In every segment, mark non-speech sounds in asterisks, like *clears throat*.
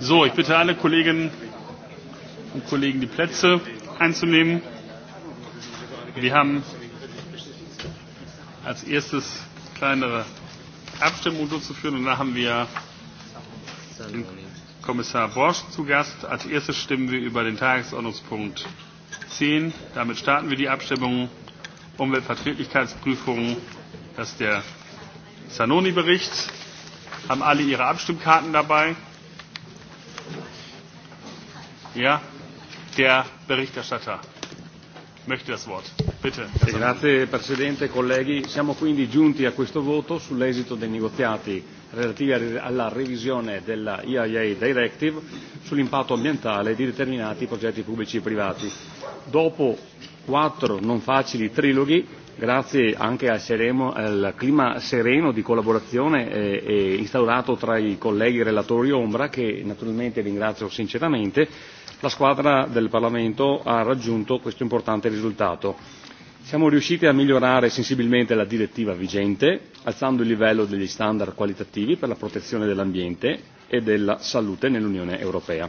So, ich bitte alle Kolleginnen und Kollegen, die Plätze einzunehmen. Wir haben als erstes kleinere Abstimmungen durchzuführen und da haben wir den Kommissar Borsch zu Gast. Als erstes stimmen wir über den Tagesordnungspunkt 10. Damit starten wir die Abstimmung Umweltverträglichkeitsprüfung. Das ist der Zanoni-Bericht. Haben alle ihre Abstimmkarten dabei? Ja, der Berichterstatter möchte das Wort. Bitte. Grazie Presidente, colleghi. Siamo quindi giunti a questo voto sull'esito dei negoziati relativi alla revisione della IAEA Directive sull'impatto ambientale di determinati progetti pubblici e privati. Dopo quattro non facili triloghi, grazie anche al, sereno, al clima sereno di collaborazione eh, e instaurato tra i colleghi relatori ombra, che naturalmente ringrazio sinceramente, la squadra del Parlamento ha raggiunto questo importante risultato. Siamo riusciti a migliorare sensibilmente la direttiva vigente, alzando il livello degli standard qualitativi per la protezione dell'ambiente e della salute nell'Unione europea.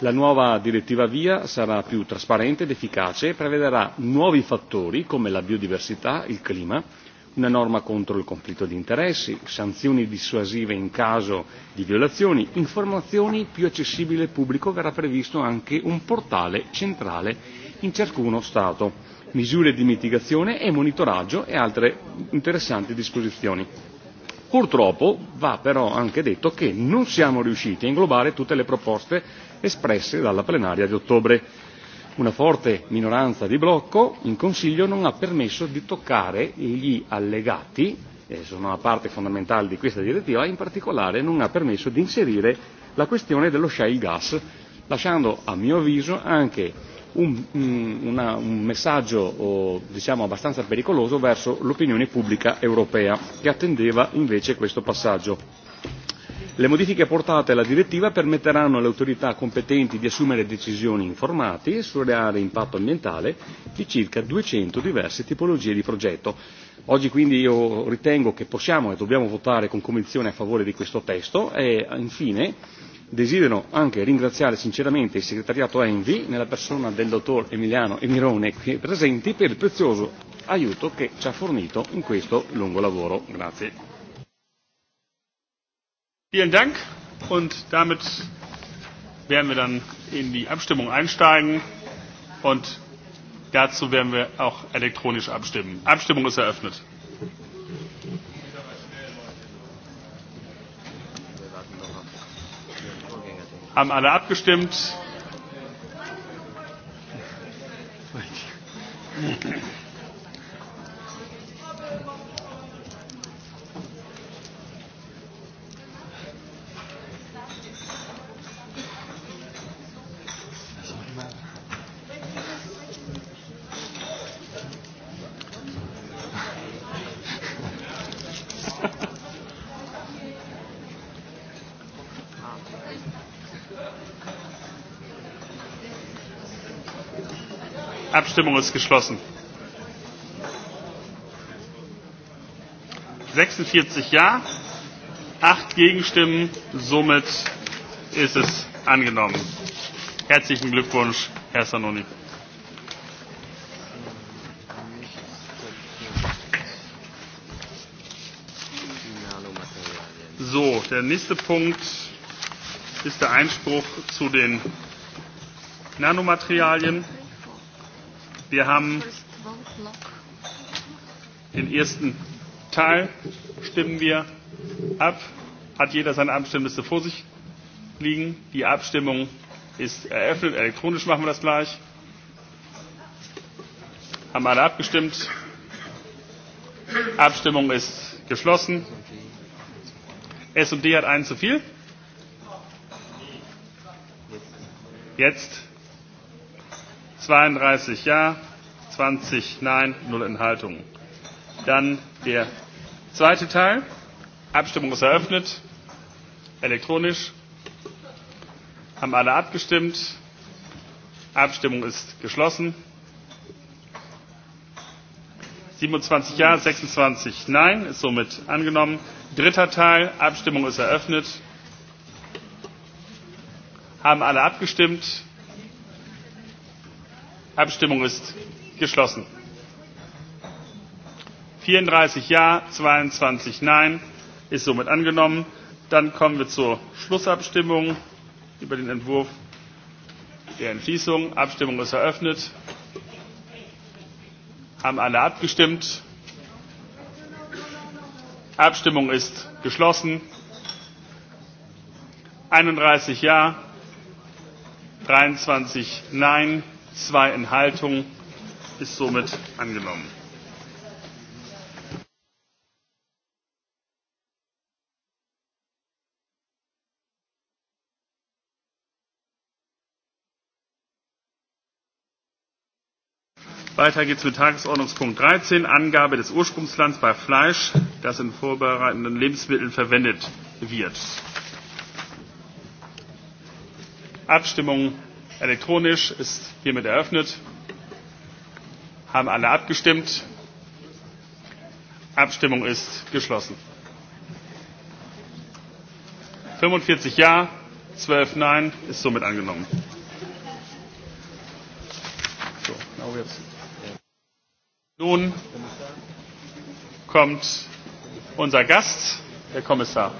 La nuova direttiva VIA sarà più trasparente ed efficace e prevederà nuovi fattori come la biodiversità, il clima una norma contro il conflitto di interessi, sanzioni dissuasive in caso di violazioni, informazioni più accessibili al pubblico, verrà previsto anche un portale centrale in ciascuno Stato, misure di mitigazione e monitoraggio e altre interessanti disposizioni. Purtroppo va però anche detto che non siamo riusciti a inglobare tutte le proposte espresse dalla plenaria di ottobre una forte minoranza di blocco in Consiglio non ha permesso di toccare gli allegati, eh, sono una parte fondamentale di questa direttiva, in particolare non ha permesso di inserire la questione dello shale gas, lasciando a mio avviso anche un, um, una, un messaggio oh, diciamo abbastanza pericoloso verso l'opinione pubblica europea, che attendeva invece questo passaggio Le modifiche apportate alla direttiva permetteranno alle autorità competenti di assumere decisioni informate e sulle aree impatto ambientale di circa 200 diverse tipologie di progetto. Oggi quindi io ritengo che possiamo e dobbiamo votare con convinzione a favore di questo testo e infine desidero anche ringraziare sinceramente il segretariato Envi nella persona del dottor Emiliano Emirone qui presenti per il prezioso aiuto che ci ha fornito in questo lungo lavoro. Grazie. Vielen Dank und damit werden wir dann in die Abstimmung einsteigen und dazu werden wir auch elektronisch abstimmen. Abstimmung ist eröffnet. Haben alle abgestimmt? Abstimmung ist geschlossen. 46 Ja, 8 Gegenstimmen. Somit ist es angenommen. Herzlichen Glückwunsch, Herr Sanoni. So, der nächste Punkt ist der Einspruch zu den Nanomaterialien. Wir haben den ersten Teil, stimmen wir ab. Hat jeder seine Abstimmliste vor sich liegen? Die Abstimmung ist eröffnet. Elektronisch machen wir das gleich. Haben alle abgestimmt? Abstimmung ist geschlossen. S&D hat einen zu viel. Jetzt 32 Ja, 20 Nein, 0 Enthaltungen. Dann der zweite Teil. Abstimmung ist eröffnet. Elektronisch. Haben alle abgestimmt. Abstimmung ist geschlossen. 27 Ja, 26 Nein, ist somit angenommen. Dritter Teil, Abstimmung ist eröffnet. Haben alle abgestimmt? Abstimmung ist geschlossen. 34 Ja, 22 Nein ist somit angenommen. Dann kommen wir zur Schlussabstimmung über den Entwurf der Entschließung. Abstimmung ist eröffnet. Haben alle abgestimmt? Abstimmung ist geschlossen. 31 Ja, 23 Nein zwei Enthaltungen, ist somit angenommen. Weiter geht es mit Tagesordnungspunkt 13, Angabe des Ursprungslands bei Fleisch, das in vorbereitenden Lebensmitteln verwendet wird. Abstimmung Elektronisch ist hiermit eröffnet. Haben alle abgestimmt. Abstimmung ist geschlossen. 45 Ja, 12 Nein ist somit angenommen. So, now we have... Nun kommt unser Gast, der Kommissar.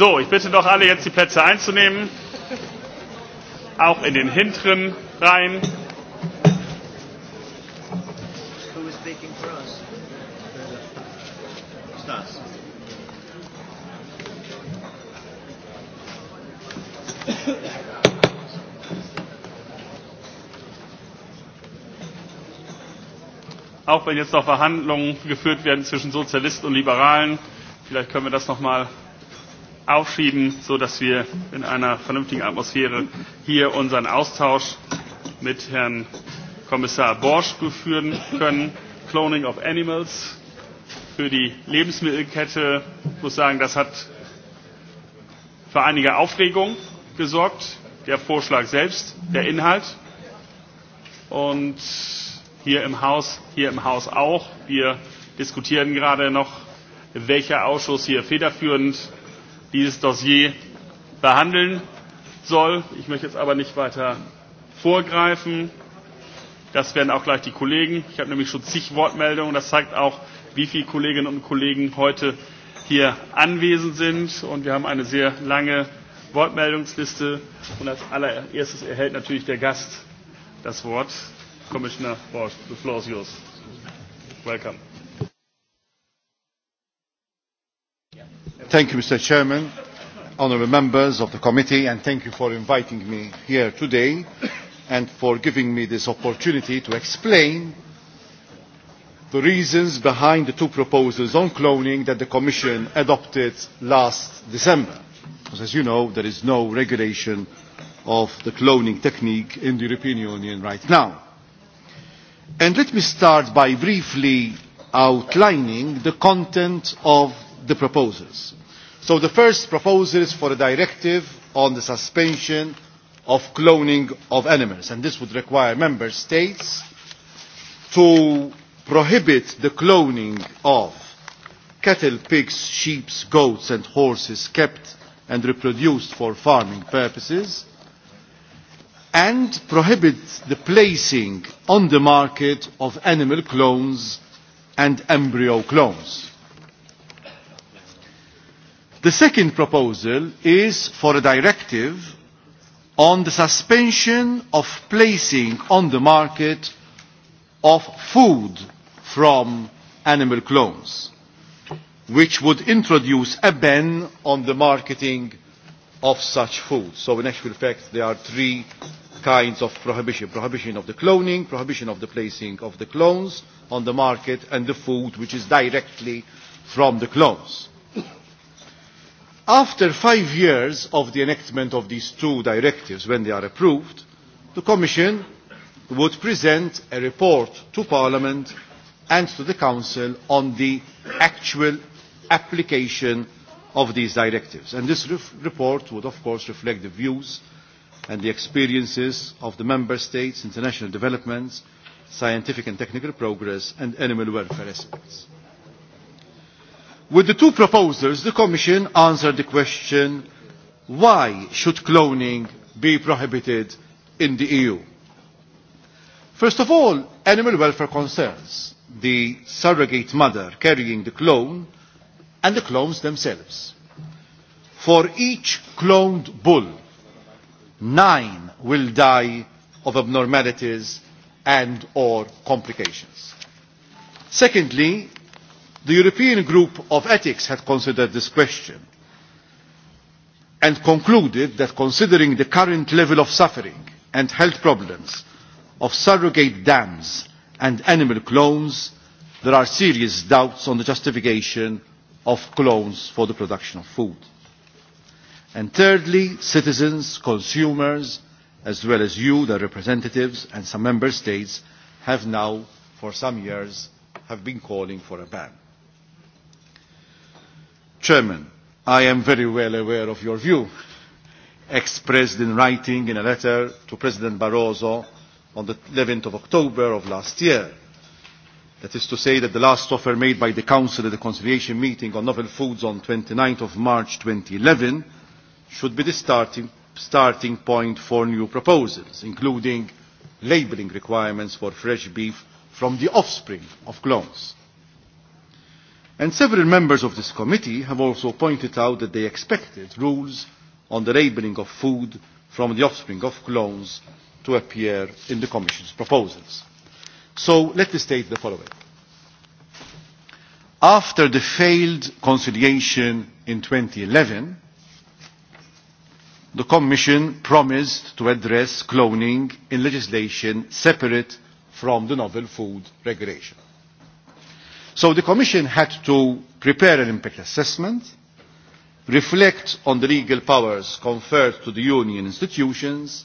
So, ich bitte doch alle jetzt die Plätze einzunehmen. Auch in den hinteren Reihen. Auch wenn jetzt noch Verhandlungen geführt werden zwischen Sozialisten und Liberalen, vielleicht können wir das noch mal aufschieben, sodass wir in einer vernünftigen Atmosphäre hier unseren Austausch mit Herrn Kommissar Borsch führen können. Cloning of Animals für die Lebensmittelkette. Ich muss sagen, das hat für einige Aufregung gesorgt. Der Vorschlag selbst, der Inhalt. Und hier im Haus, hier im Haus auch. Wir diskutieren gerade noch, welcher Ausschuss hier federführend dieses Dossier behandeln soll. Ich möchte jetzt aber nicht weiter vorgreifen. Das werden auch gleich die Kollegen. Ich habe nämlich schon zig Wortmeldungen. Das zeigt auch, wie viele Kolleginnen und Kollegen heute hier anwesend sind. Und wir haben eine sehr lange Wortmeldungsliste. Und als allererstes erhält natürlich der Gast das Wort. Commissioner Borsch, the floor is yours. Welcome. Thank you, Mr. Chairman, honourable members of the committee, and thank you for inviting me here today and for giving me this opportunity to explain the reasons behind the two proposals on cloning that the Commission adopted last December. as you know, there is no regulation of the cloning technique in the European Union right now. And let me start by briefly outlining the content of the proposals. So the first proposal is for a directive on the suspension of cloning of animals, and this would require member states to prohibit the cloning of cattle, pigs, sheep, goats and horses kept and reproduced for farming purposes, and prohibit the placing on the market of animal clones and embryo clones. The second proposal is for a directive on the suspension of placing on the market of food from animal clones, which would introduce a ban on the marketing of such food. So in actual fact, there are three kinds of prohibition. Prohibition of the cloning, prohibition of the placing of the clones on the market, and the food which is directly from the clones after five years of the enactment of these two directives when they are approved the commission would present a report to parliament and to the council on the actual application of these directives and this report would of course reflect the views and the experiences of the member states international developments scientific and technical progress and animal welfare aspects. With the two proposals, the Commission answered the question, why should cloning be prohibited in the EU? First of all, animal welfare concerns the surrogate mother carrying the clone and the clones themselves. For each cloned bull, nine will die of abnormalities and or complications. Secondly, the european group of ethics had considered this question and concluded that considering the current level of suffering and health problems of surrogate dams and animal clones there are serious doubts on the justification of clones for the production of food. And thirdly citizens consumers as well as you the representatives and some member states have now for some years have been calling for a ban. Chairman, I am very well aware of your view, expressed in writing in a letter to President Barroso on eleven October of last year. That is to say that the last offer made by the Council at the conciliation meeting on novel foods on twenty nine march two thousand and eleven should be the starting, starting point for new proposals, including labelling requirements for fresh beef from the offspring of clones. And several members of this committee have also pointed out that they expected rules on the labelling of food from the offspring of clones to appear in the Commission's proposals. So let me state the following. After the failed conciliation in 2011, the Commission promised to address cloning in legislation separate from the novel food regulation. So the Commission had to prepare an impact assessment, reflect on the legal powers conferred to the Union institutions,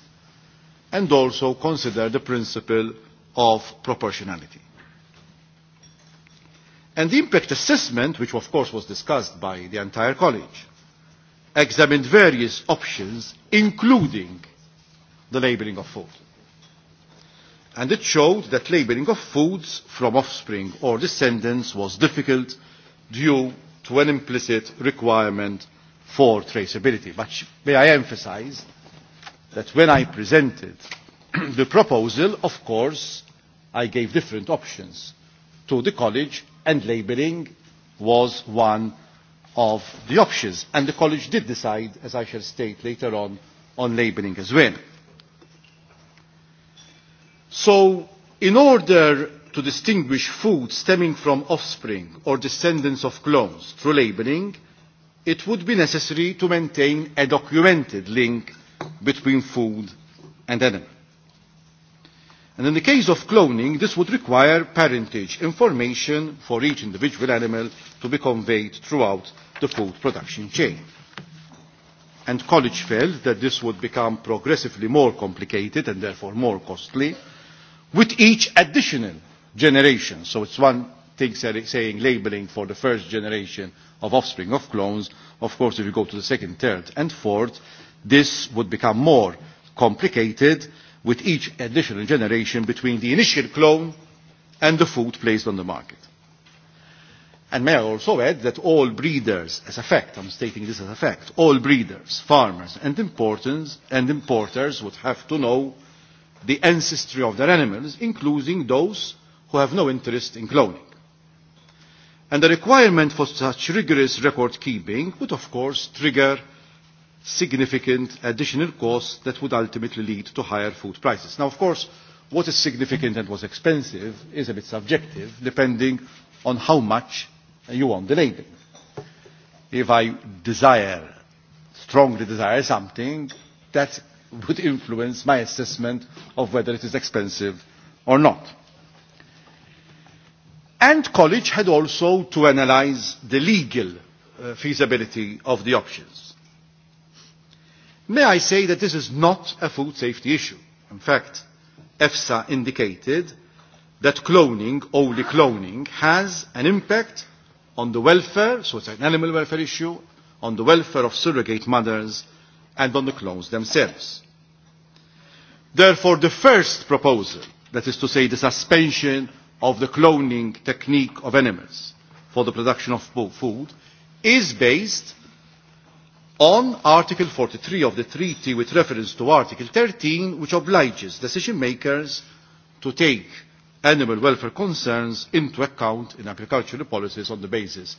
and also consider the principle of proportionality. And the impact assessment, which of course was discussed by the entire college, examined various options, including the labelling of food and it showed that labelling of foods from offspring or descendants was difficult due to an implicit requirement for traceability. But may I emphasize that when I presented *clears throat* the proposal, of course, I gave different options to the college and labelling was one of the options. And the college did decide, as I shall state later on, on labelling as well. So in order to distinguish food stemming from offspring or descendants of clones through labelling, it would be necessary to maintain a documented link between food and animal. And in the case of cloning, this would require parentage information for each individual animal to be conveyed throughout the food production chain. And college felt that this would become progressively more complicated and therefore more costly, with each additional generation. So it's one thing saying labeling for the first generation of offspring of clones. Of course, if you go to the second, third, and fourth, this would become more complicated with each additional generation between the initial clone and the food placed on the market. And may I also add that all breeders, as a fact, I'm stating this as a fact, all breeders, farmers and importers, and importers would have to know the ancestry of their animals, including those who have no interest in cloning. And the requirement for such rigorous record keeping would of course trigger significant additional costs that would ultimately lead to higher food prices. Now of course what is significant and is expensive is a bit subjective depending on how much you want the label. If I desire, strongly desire something, that's would influence my assessment of whether it is expensive or not. And college had also to analyse the legal uh, feasibility of the options. May I say that this is not a food safety issue. In fact, EFSA indicated that cloning, only cloning, has an impact on the welfare, so it's an animal welfare issue, on the welfare of surrogate mothers and on the clones themselves therefore the first proposal that is to say the suspension of the cloning technique of animals for the production of food is based on article 43 of the treaty with reference to article 13, which obliges decision makers to take animal welfare concerns into account in agricultural policies on the basis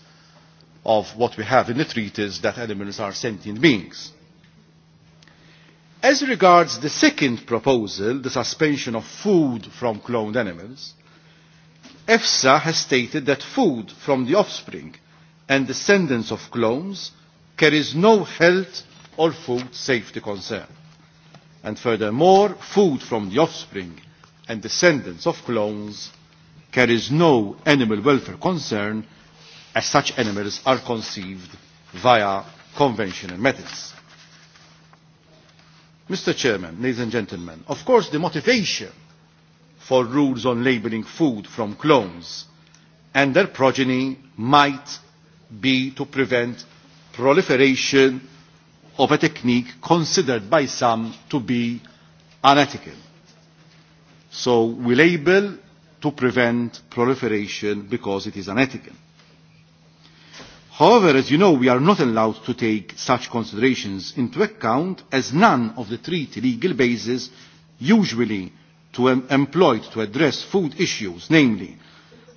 of what we have in the treaties that animals are sentient beings. As regards the second proposal, the suspension of food from cloned animals, EFSA has stated that food from the offspring and descendants of clones carries no health or food safety concern. And furthermore, food from the offspring and descendants of clones carries no animal welfare concern as such animals are conceived via conventional methods. Mr. president ladies and gentlemen, of course the motivation for rules on labelling food from clones and their progeny might be to prevent proliferation of a technique considered by some to be unethical. So we label to prevent proliferation because it is unethical. However, as you know, we are not allowed to take such considerations into account as none of the treaty legal bases usually to em employed to address food issues, namely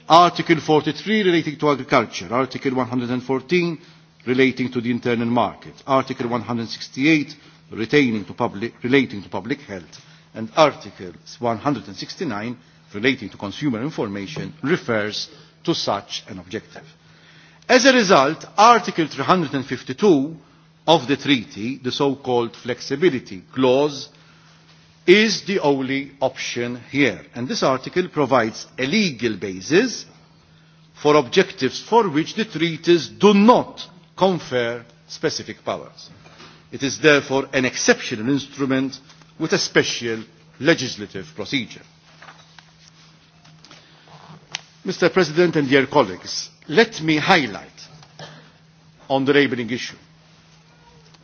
Article 43 relating to agriculture, Article 114 relating to the internal market, Article 168 retaining to public, relating to public health, and Article 169 relating to consumer information refers to such an objective. As a result, Article 352 of the treaty, the so-called flexibility clause, is the only option here. And this article provides a legal basis for objectives for which the treaties do not confer specific powers. It is therefore an exceptional instrument with a special legislative procedure. Mr. President and dear colleagues, Let me highlight on the labelling issue,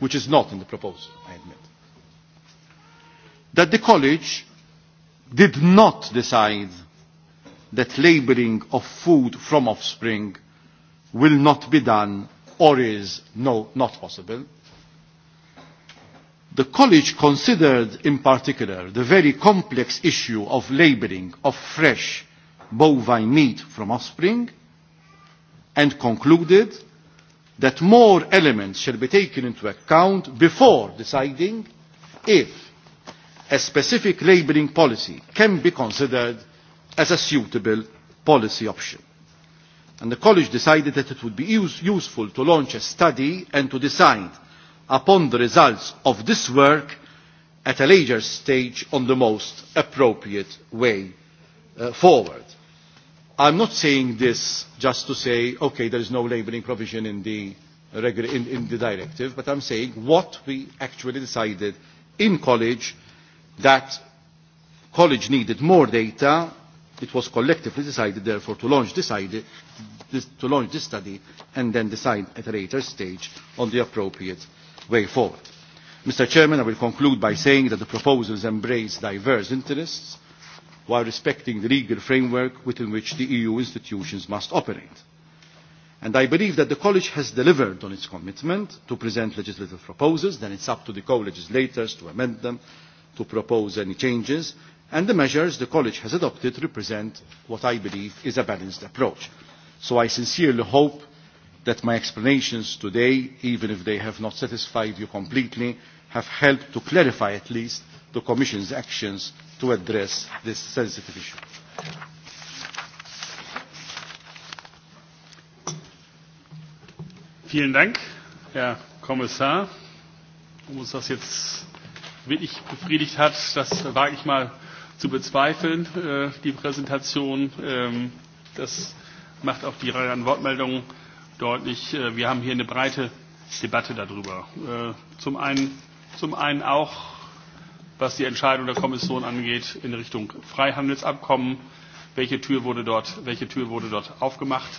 which is not in the proposal, I admit, that the college did not decide that labelling of food from offspring will not be done or is no, not possible. The college considered in particular the very complex issue of labelling of fresh bovine meat from offspring and concluded that more elements shall be taken into account before deciding if a specific labelling policy can be considered as a suitable policy option. And the college decided that it would be use useful to launch a study and to decide upon the results of this work at a later stage on the most appropriate way uh, forward. I'm not saying this just to say, okay, there is no labelling provision in the, regular, in, in the directive, but I'm saying what we actually decided in college, that college needed more data. It was collectively decided, therefore, to launch, this idea, this, to launch this study and then decide at a later stage on the appropriate way forward. Mr. Chairman, I will conclude by saying that the proposals embrace diverse interests while respecting the legal framework within which the EU institutions must operate. And I believe that the College has delivered on its commitment to present legislative proposals, then it's up to the co-legislators to amend them, to propose any changes, and the measures the College has adopted represent what I believe is a balanced approach. So I sincerely hope that my explanations today, even if they have not satisfied you completely, have helped to clarify at least the Commission's actions to address this sensitive issue. Vielen Dank, Herr Kommissar. Ob uns das jetzt wirklich befriedigt hat, das wage ich mal zu bezweifeln, äh, die Präsentation. Ähm, das macht auch die Reihe an Wortmeldungen deutlich. Äh, wir haben hier eine breite Debatte darüber. Äh, zum einen, zum einen auch was die Entscheidung der Kommission angeht in Richtung Freihandelsabkommen. Welche Tür wurde dort, welche Tür wurde dort aufgemacht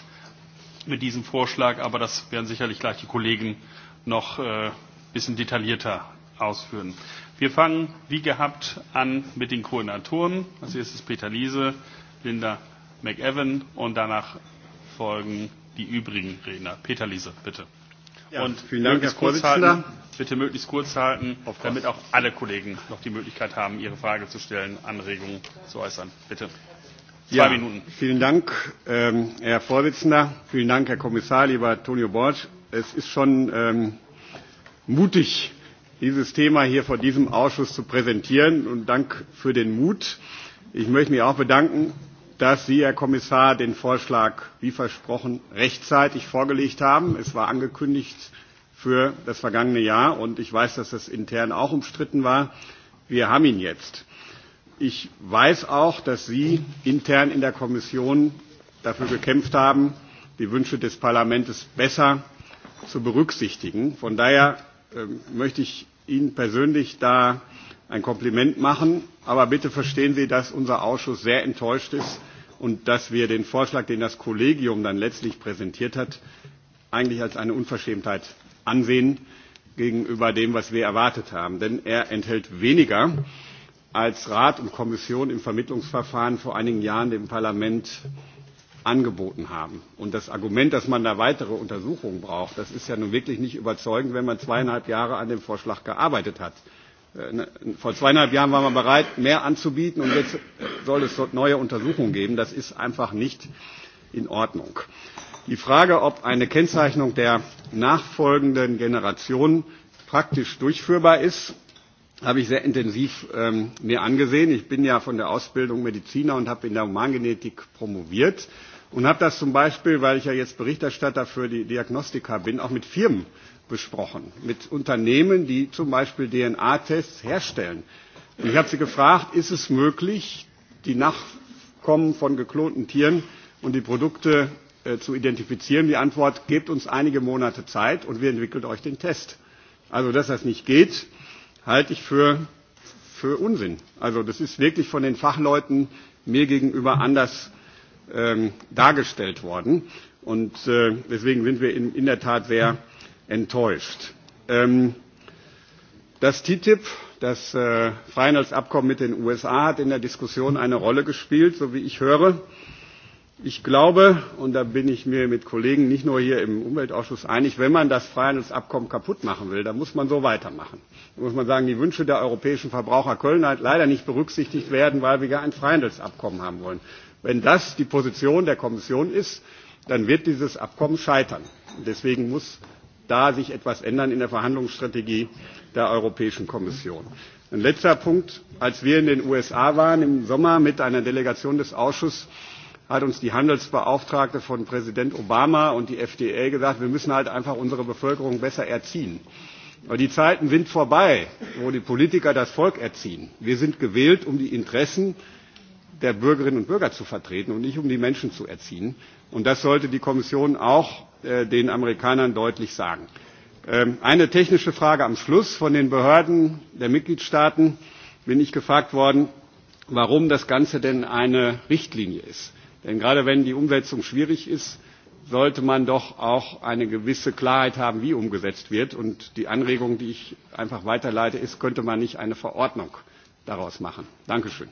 mit diesem Vorschlag? Aber das werden sicherlich gleich die Kollegen noch ein äh, bisschen detaillierter ausführen. Wir fangen wie gehabt an mit den Koordinatoren. Als erstes Peter Liese, Linda McEwan und danach folgen die übrigen Redner. Peter Liese, bitte. Ja, und vielen Dank, möglichst Herr kurz halten, bitte möglichst kurz halten, damit auch alle Kollegen noch die Möglichkeit haben, ihre Frage zu stellen, Anregungen zu äußern. Bitte. Zwei ja, Minuten. Vielen Dank, ähm, Herr Vorsitzender. Vielen Dank, Herr Kommissar, lieber Tonio Borsch. Es ist schon ähm, mutig, dieses Thema hier vor diesem Ausschuss zu präsentieren. Und Dank für den Mut. Ich möchte mich auch bedanken dass Sie, Herr Kommissar, den Vorschlag, wie versprochen, rechtzeitig vorgelegt haben. Es war angekündigt für das vergangene Jahr und ich weiß, dass das intern auch umstritten war. Wir haben ihn jetzt. Ich weiß auch, dass Sie intern in der Kommission dafür gekämpft haben, die Wünsche des Parlaments besser zu berücksichtigen. Von daher ähm, möchte ich Ihnen persönlich da äh, ein Kompliment machen. Aber bitte verstehen Sie, dass unser Ausschuss sehr enttäuscht ist und dass wir den Vorschlag, den das Kollegium dann letztlich präsentiert hat, eigentlich als eine Unverschämtheit ansehen gegenüber dem, was wir erwartet haben. Denn er enthält weniger, als Rat und Kommission im Vermittlungsverfahren vor einigen Jahren dem Parlament angeboten haben. Und das Argument, dass man da weitere Untersuchungen braucht, das ist ja nun wirklich nicht überzeugend, wenn man zweieinhalb Jahre an dem Vorschlag gearbeitet hat. Äh, vor zweieinhalb Jahren waren wir bereit, mehr anzubieten und jetzt soll es dort neue Untersuchungen geben. Das ist einfach nicht in Ordnung. Die Frage, ob eine Kennzeichnung der nachfolgenden Generation praktisch durchführbar ist, habe ich sehr intensiv ähm, mir angesehen. Ich bin ja von der Ausbildung Mediziner und habe in der Humangenetik promoviert und habe das zum Beispiel, weil ich ja jetzt Berichterstatter für die Diagnostika bin, auch mit Firmen besprochen mit Unternehmen, die zum Beispiel DNA-Tests herstellen. Und ich habe sie gefragt, ist es möglich, die Nachkommen von geklonten Tieren und die Produkte äh, zu identifizieren? Die Antwort, gebt uns einige Monate Zeit und wir entwickeln euch den Test. Also, dass das nicht geht, halte ich für, für Unsinn. Also, das ist wirklich von den Fachleuten mir gegenüber anders ähm, dargestellt worden. Und äh, deswegen sind wir in, in der Tat sehr enttäuscht. Ähm, das TTIP, das äh, Freihandelsabkommen mit den USA, hat in der Diskussion eine Rolle gespielt, so wie ich höre. Ich glaube, und da bin ich mir mit Kollegen nicht nur hier im Umweltausschuss einig, wenn man das Freihandelsabkommen kaputt machen will, dann muss man so weitermachen. Da muss man sagen, die Wünsche der europäischen Verbraucher Köln halt leider nicht berücksichtigt werden, weil wir ja ein Freihandelsabkommen haben wollen. Wenn das die Position der Kommission ist, dann wird dieses Abkommen scheitern. Deswegen muss da sich etwas ändern in der Verhandlungsstrategie der Europäischen Kommission. Ein letzter Punkt. Als wir in den USA waren im Sommer mit einer Delegation des Ausschusses, hat uns die Handelsbeauftragte von Präsident Obama und die FDA gesagt, wir müssen halt einfach unsere Bevölkerung besser erziehen. Aber die Zeiten sind vorbei, wo die Politiker das Volk erziehen. Wir sind gewählt, um die Interessen der Bürgerinnen und Bürger zu vertreten und nicht um die Menschen zu erziehen. Und das sollte die Kommission auch Äh, den Amerikanern deutlich sagen. Ähm, eine technische Frage am Schluss. Von den Behörden der Mitgliedstaaten bin ich gefragt worden, warum das Ganze denn eine Richtlinie ist. Denn gerade wenn die Umsetzung schwierig ist, sollte man doch auch eine gewisse Klarheit haben, wie umgesetzt wird. Und die Anregung, die ich einfach weiterleite, ist, könnte man nicht eine Verordnung daraus machen. Dankeschön.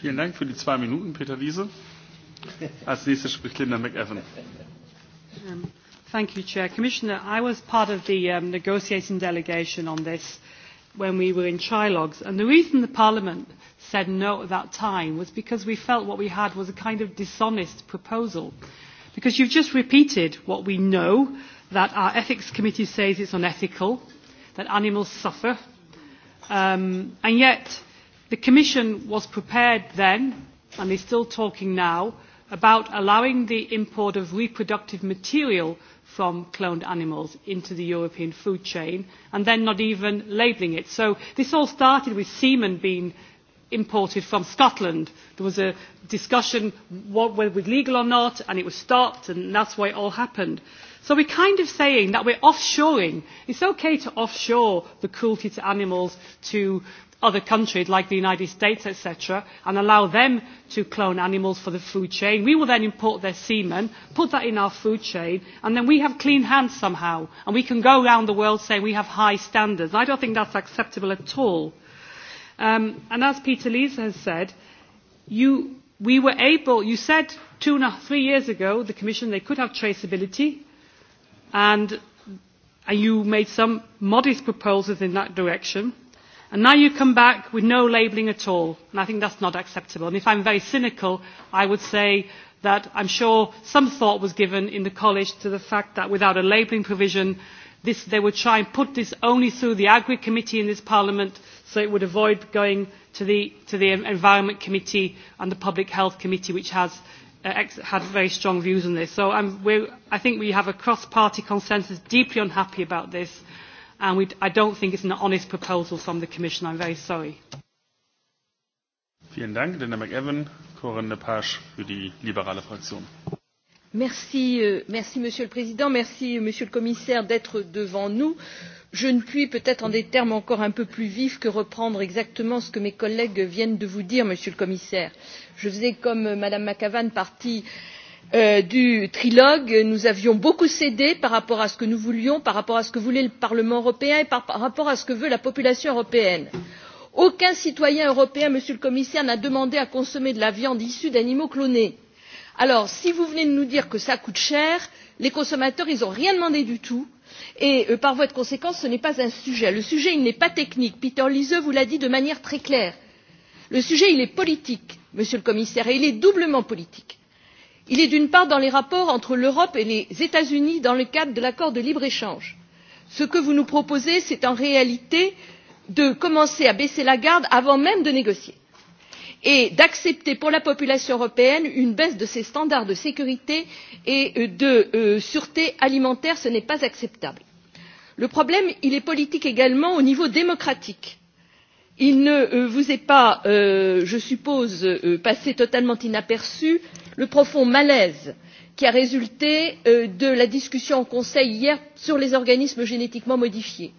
Vielen Dank für die zwei Minuten, Peter Liese. Als nächstes spricht Linda McEwan. Um, thank you, Chair. Commissioner, I was part of the um, negotiating delegation on this when we were in trilogues. And the reason the Parliament said no at that time was because we felt what we had was a kind of dishonest proposal. Because you've just repeated what we know, that our ethics committee says it's unethical, that animals suffer. Um, and yet, the Commission was prepared then, and is still talking now, about allowing the import of reproductive material from cloned animals into the European food chain and then not even labelling it. So this all started with semen being imported from Scotland. There was a discussion what, whether it was legal or not and it was stopped and that's why it all happened. So we're kind of saying that we're offshoring. It's okay to offshore the cruelty to animals to other countries like the United States, etc., and allow them to clone animals for the food chain. We will then import their semen, put that in our food chain, and then we have clean hands somehow. And we can go around the world saying we have high standards. I don't think that's acceptable at all. Um, and as Peter Lees has said, you, we were able, you said two and a, three years ago, the Commission, they could have traceability, and, and you made some modest proposals in that direction And now you come back with no labelling at all, and I think that's not acceptable. And if I'm very cynical, I would say that I'm sure some thought was given in the college to the fact that without a labelling provision, this, they would try and put this only through the Agri Committee in this Parliament so it would avoid going to the, to the Environment Committee and the Public Health Committee, which has uh, ex- had very strong views on this. So I'm, we're, I think we have a cross-party consensus deeply unhappy about this and we, I don't think it's an honest proposal from the Commission. I'm very sorry. Vielen Dank, Linda McEwan. Corinne Lepage für die liberale Fraktion. Merci, euh, merci, Monsieur le Président. Merci, Monsieur le Commissaire, d'être devant nous. Je ne puis peut être en des termes encore un peu plus vifs que reprendre exactement ce que mes collègues viennent de vous dire, Monsieur le Commissaire. Je faisais comme euh, Madame McAvan partie euh, Euh, du trilogue nous avions beaucoup cédé par rapport à ce que nous voulions par rapport à ce que voulait le parlement européen et par rapport à ce que veut la population européenne. aucun citoyen européen monsieur le commissaire n'a demandé à consommer de la viande issue d'animaux clonés. alors si vous venez de nous dire que cela coûte cher les consommateurs n'ont rien demandé du tout et euh, par voie de conséquence ce n'est pas un sujet. le sujet n'est pas technique peter liese vous l'a dit de manière très claire. le sujet est politique monsieur le commissaire et il est doublement politique il est d'une part dans les rapports entre l'europe et les états unis dans le cadre de l'accord de libre échange. ce que vous nous proposez c'est en réalité de commencer à baisser la garde avant même de négocier et d'accepter pour la population européenne une baisse de ses standards de sécurité et de euh, sûreté alimentaire. ce n'est pas acceptable. le problème il est politique également au niveau démocratique. il ne euh, vous est pas euh, je suppose passé totalement inaperçu que le profond malaise qui a résulté euh, de la discussion au conseil hier sur les organismes génétiquement modifiés.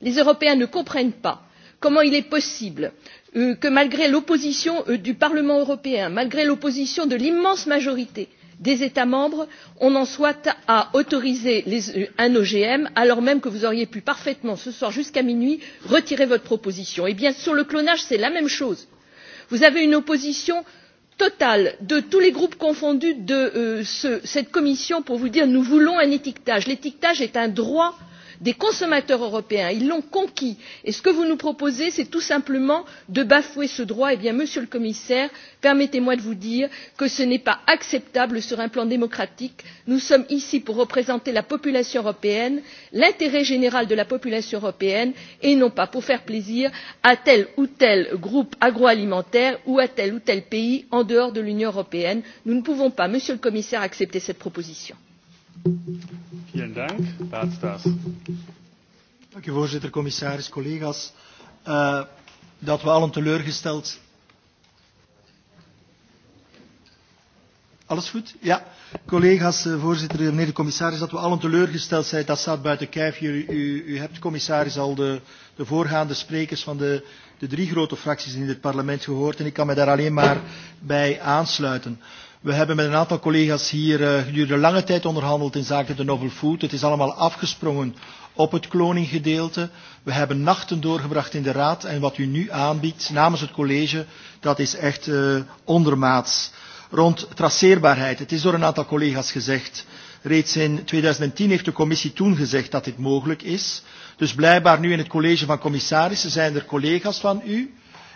les européens ne comprennent pas comment il est possible euh, que malgré l'opposition euh, du parlement européen malgré l'opposition de l'immense majorité des états membres on en soit à autoriser un ogm alors même que vous auriez pu parfaitement ce soir jusqu'à minuit retirer votre proposition. Eh sur le clonage c'est la même chose vous avez une opposition total de tous les groupes confondus de euh, cette commission pour vous dire que nous voulons un étiquetage. l'étiquetage est un droit pour les consommateurs des consommateurs européens. ils l'ont conquis et ce que vous nous proposez c'est tout simplement de bafouer ce droit. eh bien monsieur le commissaire permettez moi de vous dire que ce n'est pas acceptable sur un plan démocratique. nous sommes ici pour représenter la population européenne l'intérêt général de la population européenne et non pas pour faire plaisir à tel ou tel groupe agroalimentaire ou à tel ou tel pays en dehors de l'union européenne. nous ne pouvons pas monsieur le commissaire accepter cette proposition. Vielen Dank. Bart Dank u voorzitter, commissaris, collega's. Uh, dat we allen teleurgesteld... Alles goed? Ja. Collega's, eh, voorzitter, meneer de commissaris, dat we allen teleurgesteld zijn, dat staat buiten kijf. U, u, u hebt, commissaris, al de, de voorgaande sprekers van de, de drie grote fracties in dit parlement gehoord en ik kan me daar alleen maar bij aansluiten. Uh, We hebben met een aantal collega's hier uh, eh, gedurende er lange tijd onderhandeld in zaken de novel food. Het is allemaal afgesprongen op het kloninggedeelte. We hebben nachten doorgebracht in de Raad en wat u nu aanbiedt namens het college, dat is echt uh, ondermaats. Rond traceerbaarheid, het is door een aantal collega's gezegd. Reeds in 2010 heeft de commissie toen gezegd dat dit mogelijk is. Dus blijkbaar nu in het college van commissarissen zijn er collega's van u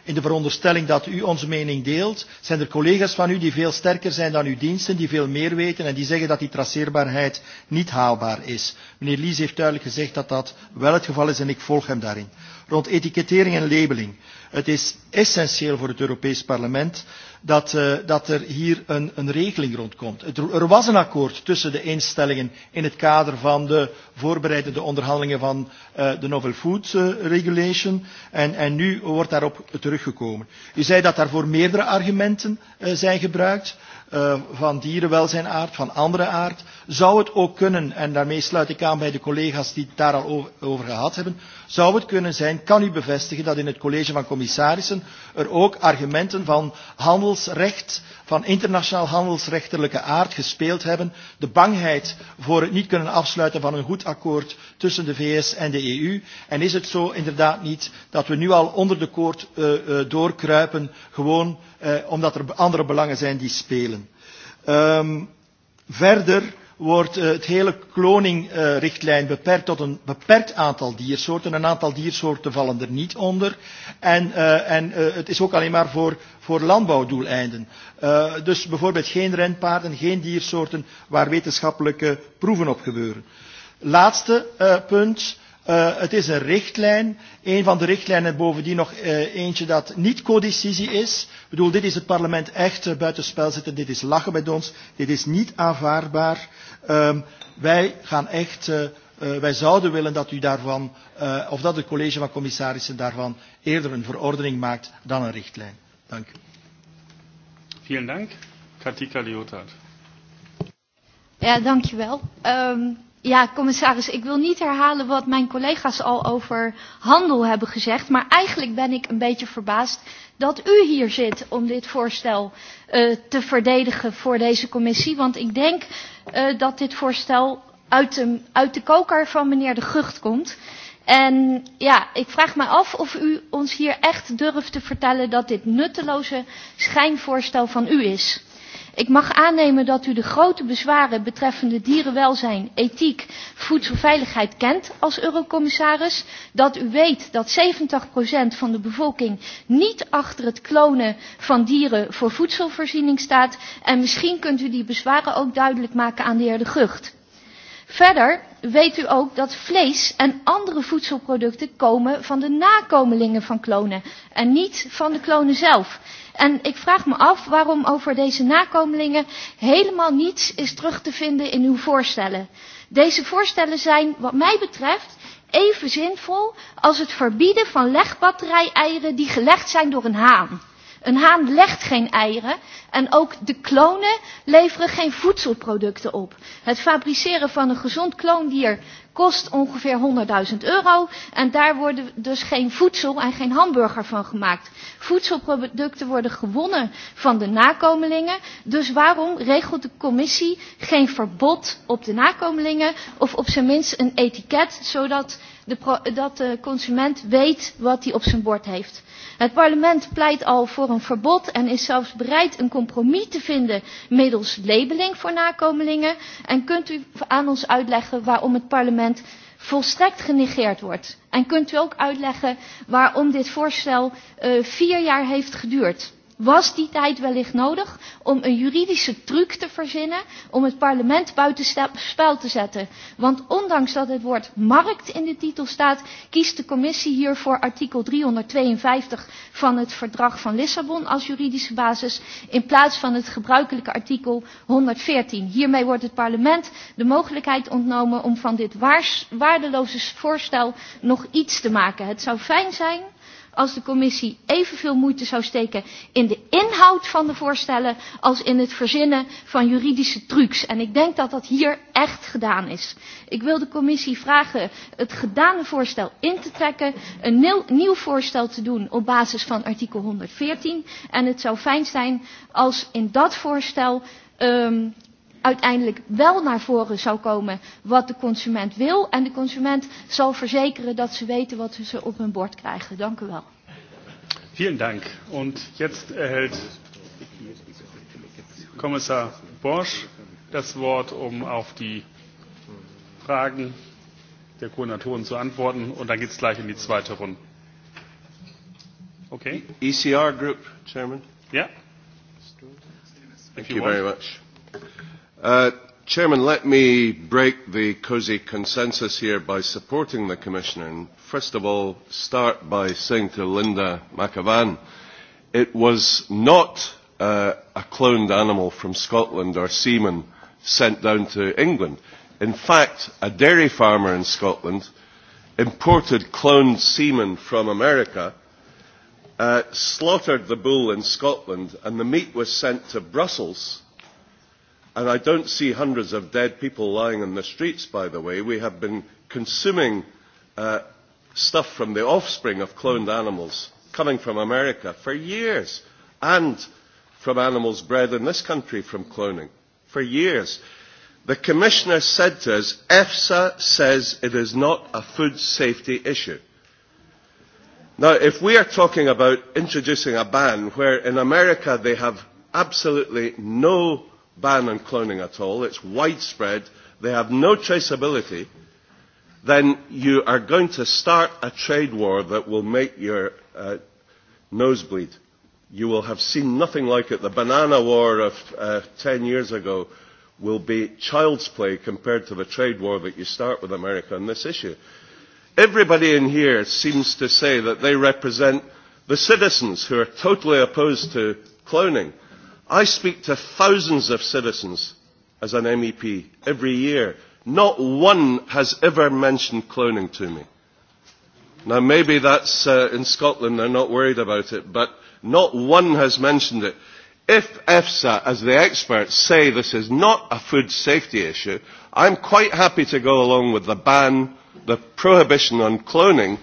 in de veronderstelling dat u onze mening deelt, zijn er collega's van u die veel sterker zijn dan uw diensten, die veel meer weten en die zeggen dat die traceerbaarheid niet haalbaar is. Meneer Lies heeft duidelijk gezegd dat dat wel het geval is en ik volg hem daarin. Rond etikettering en labeling. Het is essentieel voor het Europees Parlement dat, uh, dat er hier een, een regeling rondkomt. Het, er was een akkoord tussen de instellingen in het kader van de voorbereidende onderhandelingen van uh, de Novel Food uh, Regulation. En, en nu wordt daarop terug teruggekomen. U zei dat daarvoor meerdere argumenten uh, zijn gebruikt. Eh, van dierenwelzijn aard, van andere aard, zou het ook kunnen, en daarmee sluit ik aan bij de collega's die het daar al over, over gehad hebben, zou het kunnen zijn, kan u bevestigen dat in het college van commissarissen er ook argumenten van handelsrecht, van internationaal handelsrechterlijke aard gespeeld hebben, de bangheid voor het niet kunnen afsluiten van een goed akkoord tussen de VS en de EU, en is het zo inderdaad niet dat we nu al onder de koord uh, uh, doorkruipen, gewoon eh, omdat er andere belangen zijn die spelen. Um, verder wordt uh, het hele kloningrichtlijn uh, beperkt tot een beperkt aantal diersoorten. Een aantal diersoorten vallen er niet onder. En, uh, en uh, het is ook alleen maar voor, voor landbouwdoeleinden. Uh, dus bijvoorbeeld geen renpaarden, geen diersoorten waar wetenschappelijke proeven op gebeuren. Laatste uh, punt. Uh, Uh, het is een richtlijn. Een van de richtlijnen, bovendien nog uh, eentje dat niet codecisie is. Ik bedoel, dit is het parlement echt uh, buitenspel zitten. Dit is lachen met ons. Dit is niet aanvaardbaar. Um, wij gaan echt... Uh, Uh, wij zouden willen dat u daarvan, uh, of dat het college van commissarissen daarvan eerder een verordening maakt dan een richtlijn. Dank u. Vielen dank. Katika Liotard. Ja, dank u wel. Um, ja, commissaris, ik wil niet herhalen wat mijn collega's al over handel hebben gezegd. Maar eigenlijk ben ik een beetje verbaasd dat u hier zit om dit voorstel uh, te verdedigen voor deze commissie. Want ik denk uh, dat dit voorstel uit de, uit de koker van meneer De Gucht komt. En ja, ik vraag me af of u ons hier echt durft te vertellen dat dit nutteloze schijnvoorstel van u is ik mag aannemen dat u de grote bezwaren betreffende dierenwelzijn ethiek voedselveiligheid kent als eurocommissaris dat u weet dat 70% van de bevolking niet achter het klonen van dieren voor voedselvoorziening staat en misschien kunt u die bezwaren ook duidelijk maken aan de heer de gucht. verder weet u ook dat vlees en andere voedselproducten komen van de nakomelingen van klonen en niet van de klonen zelf. En ik vraag me af waarom over deze nakomelingen helemaal niets is terug te vinden in uw voorstellen. Deze voorstellen zijn, wat mij betreft, even zinvol als het verbieden van legbatterijeieren die gelegd zijn door een haan. Een haan legt geen eieren en ook de klonen leveren geen voedselproducten op. Het fabriceren van een gezond kloondier kost ongeveer 100.000 euro en daar worden dus geen voedsel en geen hamburger van gemaakt. Voedselproducten worden gewonnen van de nakomelingen, dus waarom regelt de commissie geen verbod op de nakomelingen of op zijn minst een etiket zodat de, dat de consument weet wat hij op zijn bord heeft? het parlement pleit al voor een verbod en is zelfs bereid een compromis te vinden middels labeling voor nakomelingen en kunt u aan ons uitleggen waarom het parlement volstrekt genegeerd wordt en kunt u ook uitleggen waarom dit voorstel uh, vier jaar heeft geduurd? was die tijd wellicht nodig om een juridische truc te verzinnen om het parlement buiten spel te zetten. Want ondanks dat het woord markt in de titel staat, kiest de commissie hiervoor artikel 352 van het verdrag van Lissabon als juridische basis in plaats van het gebruikelijke artikel 114. Hiermee wordt het parlement de mogelijkheid ontnomen om van dit waardeloze voorstel nog iets te maken. Het zou fijn zijn als de commissie evenveel moeite zou steken in de inhoud van de voorstellen als in het verzinnen van juridische trucs. En ik denk dat dat hier echt gedaan is. Ik wil de commissie vragen het gedane voorstel in te trekken, een nieuw, nieuw voorstel te doen op basis van artikel 114. En het zou fijn zijn als in dat voorstel um, uiteindelijk wel naar voren zou komen wat de consument wil. En de consument zal verzekeren dat ze weten wat ze op hun bord krijgen. Dank u wel. Vielen Dank. Und jetzt erhält Kommissar Borsch das Wort, um auf die Fragen der Koordinatoren zu antworten. Und dann geht es gleich in die zweite Runde. Okay. ECR Group, Chairman. Ja. Yeah. Thank you, you very much. Uh, Chairman, let me break the cosy consensus here by supporting the Commissioner and first of all start by saying to Linda McAvan, it was not uh, a cloned animal from Scotland or semen sent down to England. In fact, a dairy farmer in Scotland imported cloned semen from America, uh, slaughtered the bull in Scotland, and the meat was sent to Brussels And I don't see hundreds of dead people lying in the streets, by the way. We have been consuming uh, stuff from the offspring of cloned animals coming from America for years and from animals bred in this country from cloning for years. The Commissioner said to us, EFSA says it is not a food safety issue. Now, if we are talking about introducing a ban where in America they have absolutely no ban on cloning at all, it's widespread, they have no traceability, then you are going to start a trade war that will make your uh, nose bleed. You will have seen nothing like it. The banana war of uh, 10 years ago will be child's play compared to the trade war that you start with America on this issue. Everybody in here seems to say that they represent the citizens who are totally opposed to cloning. I speak to thousands of citizens as an MEP every year. Not one has ever mentioned cloning to me. Now, maybe that's uh, in Scotland, they're not worried about it, but not one has mentioned it. If EFSA, as the experts, say this is not a food safety issue, I'm quite happy to go along with the ban, the prohibition on cloning,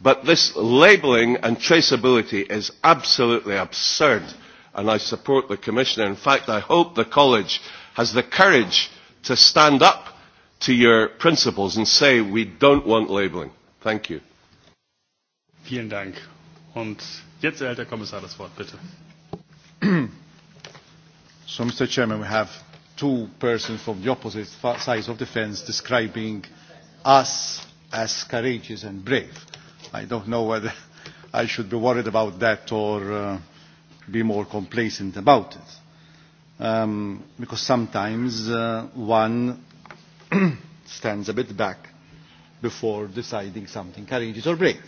but this labelling and traceability is absolutely absurd and I support the Commissioner. In fact, I hope the College has the courage to stand up to your principles and say we don't want labelling. Thank you. Vielen Dank. Und jetzt erhält der Kommissar das Wort, bitte. *clears throat* So, Mr. Chairman, we have two persons from the opposite sides of the fence describing us as courageous and brave. I don't know whether *laughs* I should be worried about that or uh, be more complacent about it. Um, because sometimes uh, one *clears throat* stands a bit back before deciding something courageous or brave.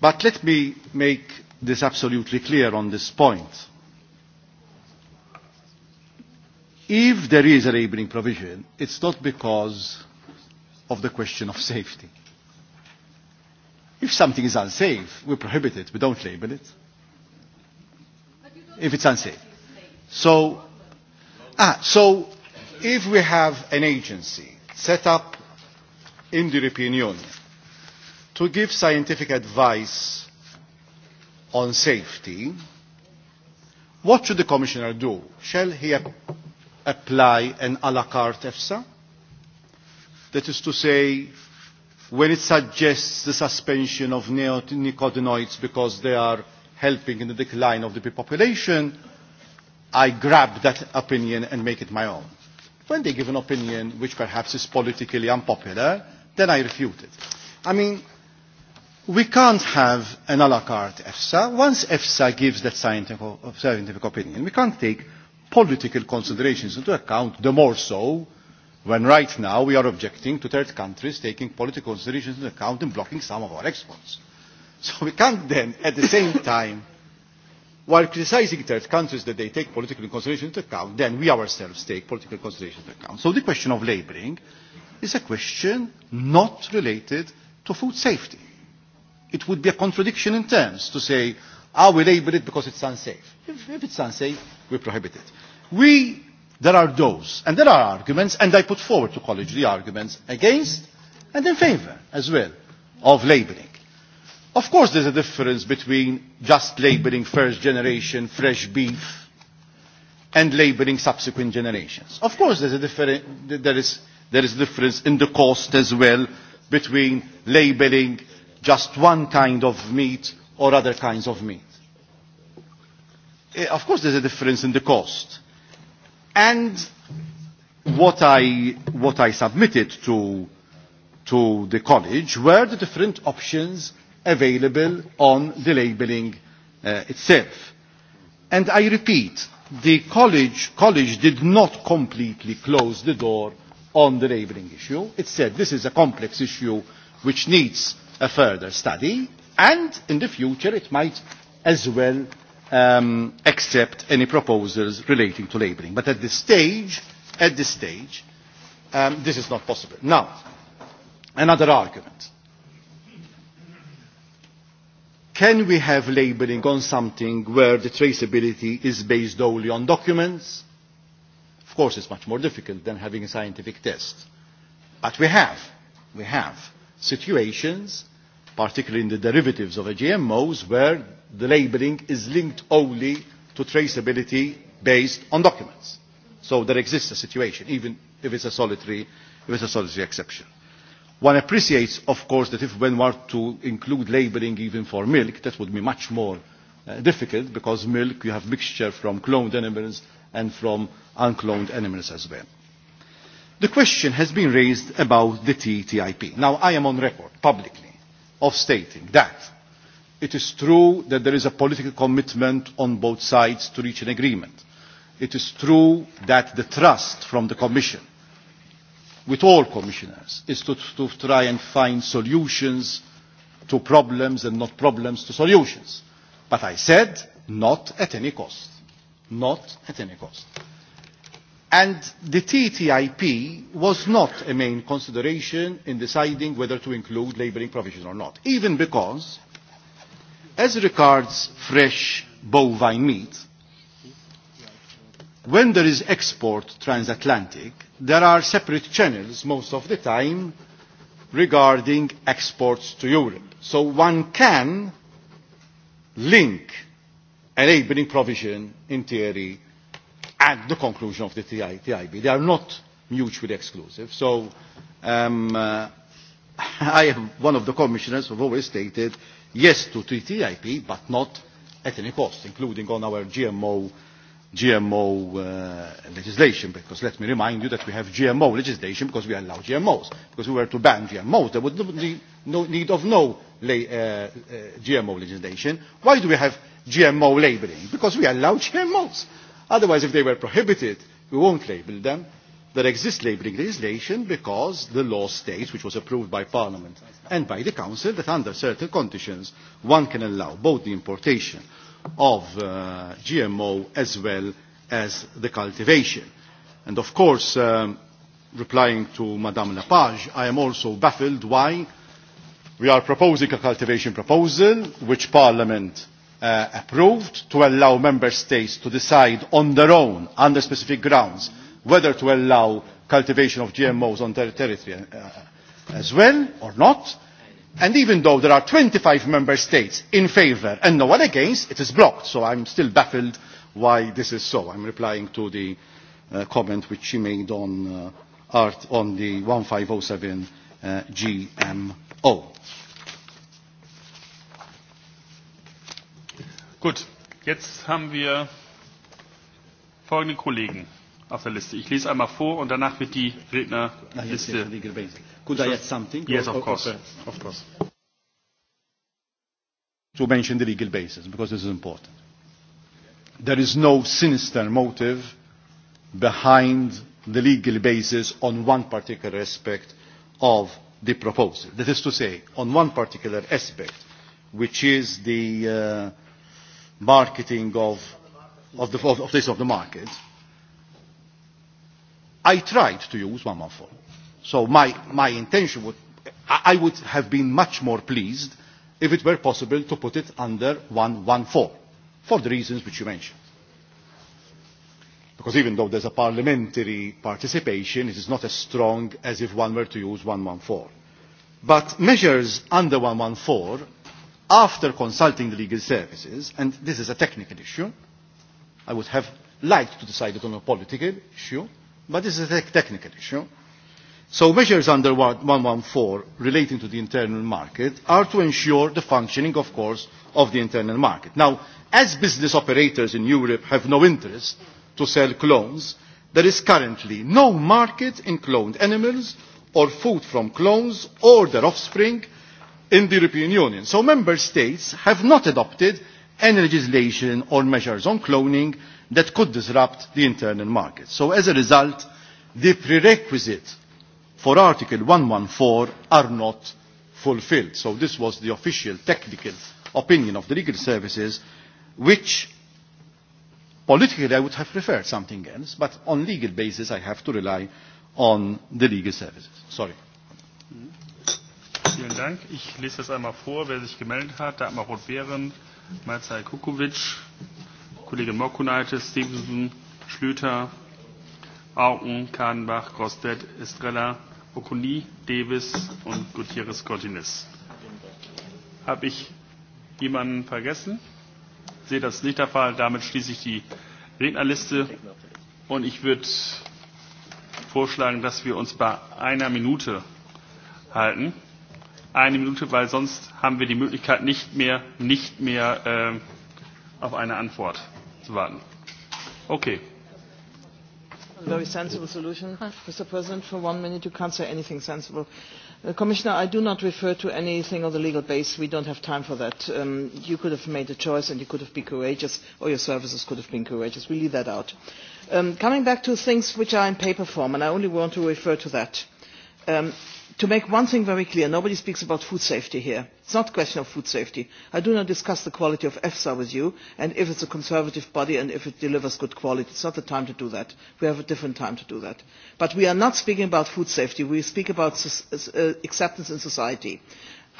But let me make this absolutely clear on this point. If there is a labelling provision, it's not because of the question of safety. If something is unsafe, we prohibit it, we don't label it if it's unsafe. So, ah, so if we have an agency set up in the European Union to give scientific advice on safety, what should the Commissioner do? Shall he ap apply an a la carte EFSA? That is to say, when it suggests the suspension of neonicotinoids because they are helping in the decline of the population, I grab that opinion and make it my own. When they give an opinion which perhaps is politically unpopular, then I refute it. I mean, we can't have an a la carte EFSA. Once EFSA gives that scientific, scientific opinion, we can't take political considerations into account, the more so when right now we are objecting to third countries taking political considerations into account and blocking some of our exports. So we can't then, at the same time, while criticizing third countries that they take political consideration into account, then we ourselves take political consideration into account. So the question of labeling is a question not related to food safety. It would be a contradiction in terms to say, ah, we label it because it's unsafe. If, if it's unsafe, we prohibit it. We, there are those, and there are arguments, and I put forward to college the arguments against and in favour as well of labelling. Of course there's a difference between just labelling first generation fresh beef and labelling subsequent generations. Of course there's a there, is, there is a difference in the cost as well between labelling just one kind of meat or other kinds of meat. Eh, of course there's a difference in the cost. And what I, what I submitted to, to the college were the different options available on the labelling uh, itself. And I repeat, the college, college did not completely close the door on the labelling issue. It said this is a complex issue which needs a further study and in the future it might as well um, accept any proposals relating to labelling. But at this stage, at this stage, um, this is not possible. Now, another argument can we have labelling on something where the traceability is based only on documents? Of course, it's much more difficult than having a scientific test. But we have, we have situations, particularly in the derivatives of the GMOs, where the labelling is linked only to traceability based on documents. So there exists a situation, even if it's a solitary, if it's a solitary exception. One appreciates, of course, that if we were to include labelling even for milk, that would be much more uh, difficult because milk, you have mixture from cloned animals and from uncloned animals as well. The question has been raised about the TTIP. Now, I am on record publicly of stating that it is true that there is a political commitment on both sides to reach an agreement. It is true that the trust from the Commission with all commissioners is to, to try and find solutions to problems and not problems to solutions. But I said not at any cost. Not at any cost. And the TTIP was not a main consideration in deciding whether to include labouring provisions or not, even because, as regards fresh bovine meat, when there is export transatlantic, there are separate channels most of the time regarding exports to Europe. So one can link enabling provision in theory at the conclusion of the TIB. They are not mutually exclusive. So um, uh, *laughs* I am one of the commissioners who have always stated yes to TTIP, but not at any cost, including on our GMO GMO uh, legislation, because let me remind you that we have GMO legislation because we allow GMOs. Because we were to ban GMOs, there would be no need of no la- uh, uh, GMO legislation. Why do we have GMO labeling? Because we allow GMOs. Otherwise, if they were prohibited, we won't label them. There exists labeling legislation because the law states, which was approved by Parliament and by the Council, that under certain conditions one can allow both the importation of uh, GMO as well as the cultivation. And of course, um, replying to Madame Lepage, I am also baffled why we are proposing a cultivation proposal which Parliament uh, approved to allow Member States to decide on their own, under specific grounds, whether to allow cultivation of GMOs on their territory uh, as well or not and even though there are twenty five member states in favour and no one against, it is blocked. So i am still baffled why this is so. i am replying to the uh, comment which she made on, uh, art, on the 1507 uh, GMO. Gut, jetzt haben wir folgende Kollegen auf der Liste. Ich lese einmal vor und danach wird die Rednerliste. Could sure. I add something? Yes, of, of oh, course. Okay. Of course. To mention the legal basis, because this is important. There is no sinister motive behind the legal basis on one particular aspect of the proposal. That is to say, on one particular aspect, which is the uh, marketing of, of, the, of, of this of the market, I tried to use 114 So my, my intention would, I would have been much more pleased if it were possible to put it under 114 for the reasons which you mentioned. Because even though there's a parliamentary participation, it is not as strong as if one were to use 114. But measures under 114, after consulting the legal services, and this is a technical issue, I would have liked to decide it on a political issue, but this is a technical issue, So measures under 114 relating to the internal market are to ensure the functioning, of course, of the internal market. Now, as business operators in Europe have no interest to sell clones, there is currently no market in cloned animals or food from clones or their offspring in the European Union. So member states have not adopted any legislation or measures on cloning that could disrupt the internal market. So as a result, the prerequisite for Article 114 are not fulfilled. So this was the official technical opinion of the legal services, which politically I would have preferred something else, but on legal basis I have to rely on the legal services. Sorry. Vielen Dank. Ich lese das einmal vor, wer sich gemeldet hat. Dagmar Roth-Behren, Marzai Kukovic, Kollege Mokunaitis, Stevenson, Schlüter, Auken, Kahnbach, Rostedt, Estrella, Okuni, Davis und Gutierrez Cortines. Habe ich jemanden vergessen? Ich Sehe das nicht der Fall. Damit schließe ich die Rednerliste. Und ich würde vorschlagen, dass wir uns bei einer Minute halten. Eine Minute, weil sonst haben wir die Möglichkeit, nicht mehr, nicht mehr äh, auf eine Antwort zu warten. Okay a very sensible solution, Mr. President, for one minute. You can't say anything sensible. Uh, Commissioner, I do not refer to anything on the legal base. We don't have time for that. Um, you could have made a choice and you could have been courageous, or your services could have been courageous. We leave that out. Um, coming back to things which are in paper form, and I only want to refer to that. Um, to make one thing very clear nobody speaks about food safety here. it is not a question of food safety. i do not discuss the quality of efsa with you and if it is a conservative body and if it delivers good quality it is not the time to do that. we have a different time to do that. but we are not speaking about food safety we speak about uh, acceptance in society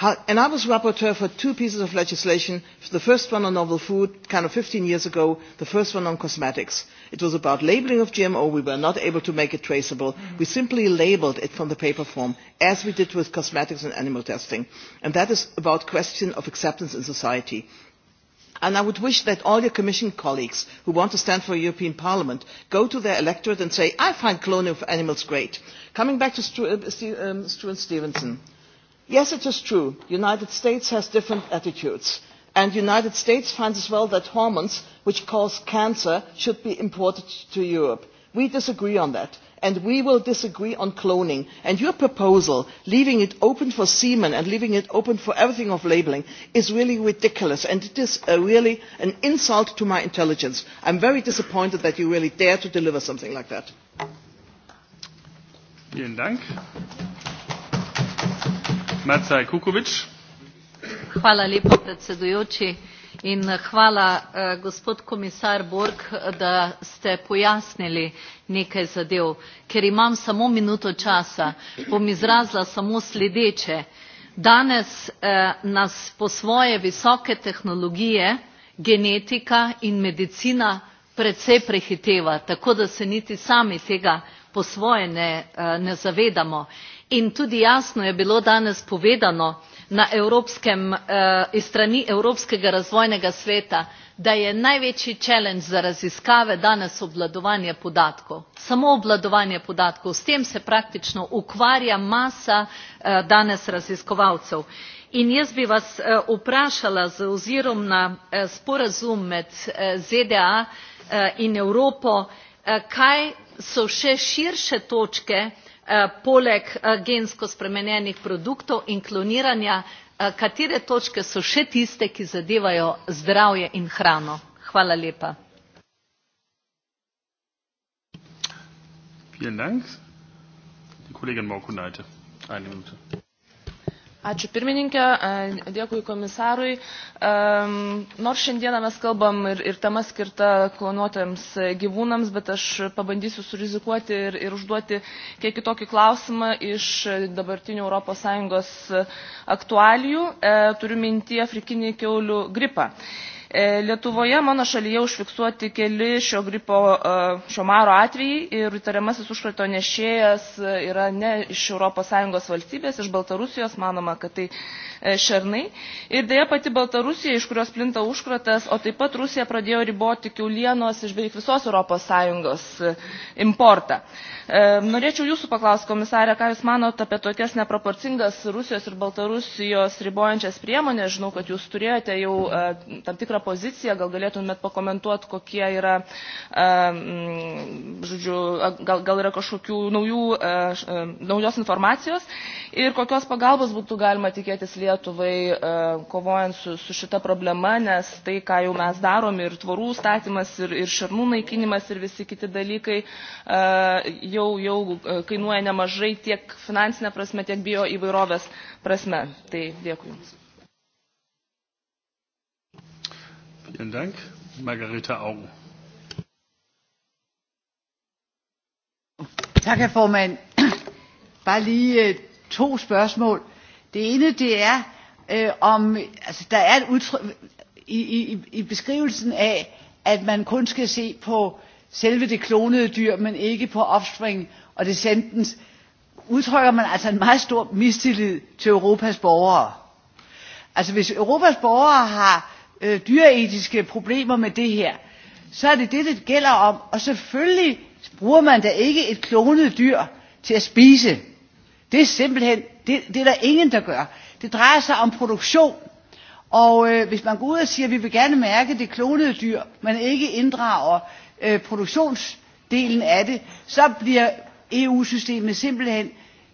and i was rapporteur for two pieces of legislation the first one on novel food kind of fifteen years ago the first one on cosmetics. it was about labelling of gmo we were not able to make it traceable we simply labelled it from the paper form as we did with cosmetics and animal testing and that is about the question of acceptance in society. And I would wish that all your Commission colleagues who want to stand for European Parliament go to their electorate and say, I find cloning of animals great. Coming back to uh, um, Stuart um, Stevenson, yes it is true that the united states has different attitudes and the united states finds as well that hormones which cause cancer should be imported to europe. we disagree on that and we will disagree on cloning and your proposal leaving it open for semen and leaving it open for everything of labelling is really ridiculous and it is really an insult to my intelligence. i am very disappointed that you really dare to deliver something like that. Hvala lepa, predsedujoči. In hvala, eh, gospod komisar Borg, da ste pojasnili nekaj zadev. Ker imam samo minuto časa, bom izrazila samo sledeče. Danes eh, nas po svoje visoke tehnologije genetika in medicina precej prehiteva, tako da se niti sami tega po svoje ne, eh, ne zavedamo in tudi jasno je bilo danes povedano s eh, strani evropskega razvojnega sveta da je največji challenge za raziskave danes obvladovanje podatkov samo obvladovanje podatkov s tem se praktično ukvarja masa eh, danes raziskovalcev in jaz bi vas eh, vprašala z ozirom na sporazum med zda in evropo kaj so še širše točke Eh, poleg eh, gensko spremenjenih produktov in kloniranja eh, katere točke so še tiste ki zadevajo zdravje in hrano? Ačiū pirmininkė, dėkui komisarui. Nors šiandieną mes kalbam ir, ir tema skirta klonuotojams gyvūnams, bet aš pabandysiu surizikuoti ir, ir užduoti kiek tokį klausimą iš dabartinių ES aktualijų. E, turiu minti afrikinį keulių gripą. E, Lietuvoje mano šalyje užfiksuoti keli šio gripo, e, šio maro atvejai ir įtariamasis užkrato nešėjas e, yra ne iš ES valstybės, iš Baltarusijos, manoma, kad tai šernai. Ir dėja pati Baltarusija, iš kurios plinta užkratas, o taip pat Rusija pradėjo riboti kiaulienos iš beveik visos ES importą. Norėčiau jūsų paklausti, komisarė, ką jūs manote apie tokias neproporcingas Rusijos ir Baltarusijos ribojančias priemonės. Žinau, kad jūs turėjote jau tam tikrą poziciją, gal galėtumėt pakomentuoti, kokie yra, e, žodžiu, gal, gal yra kažkokių naujų, e, e, naujos informacijos ir kokios pagalbos būtų galima tikėtis Lietuvai kovojant su, su šita problema, nes tai, ką jau mes darom ir tvarų statymas, ir, ir šarnų naikinimas, ir visi kiti dalykai jau, jau kainuoja nemažai tiek finansinė prasme, tiek bio įvairovės prasme. Tai dėkui Jums. Vielen Dank. Margareta Augen. Tak, herr formand. Bare lige øh, to spørgsmål. Det ene, det er, øh, om altså, der er et udtryk i, i, i beskrivelsen af, at man kun skal se på selve det klonede dyr, men ikke på offspring og descendens, udtrykker man altså en meget stor mistillid til Europas borgere. Altså hvis Europas borgere har Øh, dyreetiske problemer med det her, så er det det, det gælder om. Og selvfølgelig bruger man da ikke et klonet dyr til at spise. Det er simpelthen, det, det er der ingen, der gør. Det drejer sig om produktion. Og øh, hvis man går ud og siger, at vi vil gerne mærke det klonede dyr, men ikke inddrager øh, produktionsdelen af det, så bliver EU-systemet simpelthen,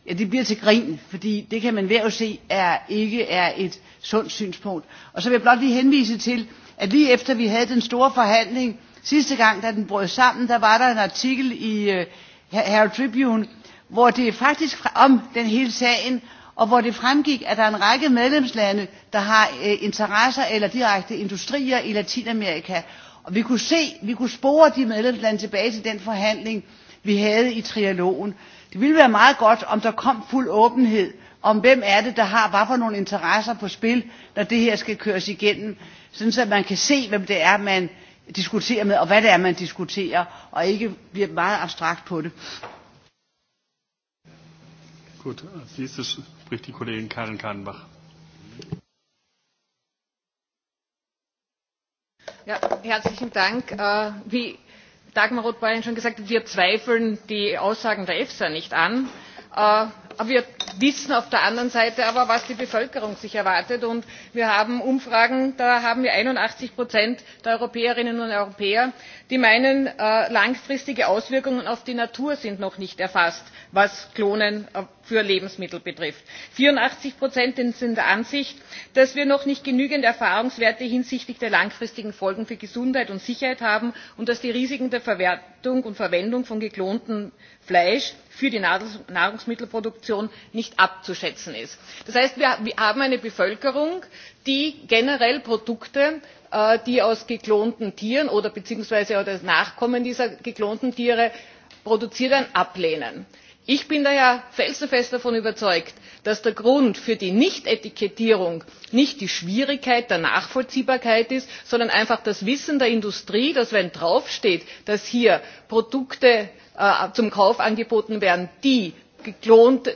ja det bliver til grin, fordi det kan man ved at se, er ikke er et sundt synspunkt. Og så vil jeg blot lige henvise til, at lige efter vi havde den store forhandling sidste gang, da den brød sammen, der var der en artikel i uh, Herald Tribune, hvor det faktisk om den hele sagen, og hvor det fremgik, at der er en række medlemslande, der har uh, interesser eller direkte industrier i Latinamerika. Og vi kunne se, vi kunne spore de medlemslande tilbage til den forhandling, vi havde i trialogen. Det ville være meget godt, om der kom fuld åbenhed om hvem er det der har hvad for nogle interesser på spil når det her skal køres igennem sådan at man kan se hvem det er man diskuterer med og hvad det er man diskuterer og ikke bliver meget abstrakt på det. Gut, als nächstes spricht die Kollegin Karin Ja, herzlichen Dank. Uh, wie Dagmar Roth-Ballen schon gesagt hat, wir zweifeln die Aussagen der EFSA nicht an. Uh, wir wissen auf der anderen seite aber was die bevölkerung sich erwartet und wir haben umfragen da haben wir einundachtzig der europäerinnen und europäer die meinen äh, langfristige auswirkungen auf die natur sind noch nicht erfasst was klonen äh, für lebensmittel betrifft. vierundachtzig sind der ansicht dass wir noch nicht genügend erfahrungswerte hinsichtlich der langfristigen folgen für gesundheit und sicherheit haben und dass die risiken der verwertung und verwendung von geklontem fleisch für die nahrungsmittelproduktion nicht abzuschätzen sind. das heißt wir haben eine bevölkerung die generell produkte äh, die aus geklonten tieren oder beziehungsweise aus nachkommen dieser geklonten tiere produziert werden ablehnt ich bin daher felsenfest davon überzeugt dass der grund für die nichtetikettierung nicht die schwierigkeit der nachvollziehbarkeit ist sondern einfach das wissen der industrie dass wenn draufsteht dass hier produkte äh, zum kauf angeboten werden die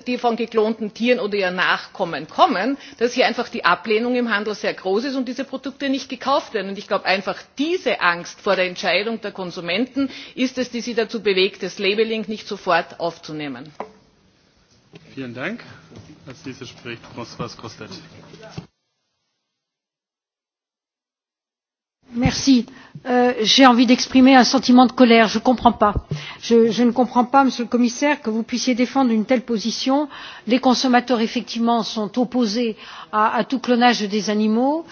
die von geklonten Tieren oder ihren Nachkommen kommen, dass hier einfach die Ablehnung im Handel sehr groß ist und diese Produkte nicht gekauft werden. ich glaube einfach diese Angst vor der Entscheidung der Konsumenten ist es, die sie dazu bewegt, das labelling nicht sofort aufzunehmen. Als nächstes spricht François Kostet. monsieur le Euh, j'ai envie d'exprimer un sentiment de colère. je ne comprends pas. Je, ne comprends pas monsieur le commissaire que vous puissiez défendre une telle position. les consommateurs effectivement sont opposés à, tout clonage des animaux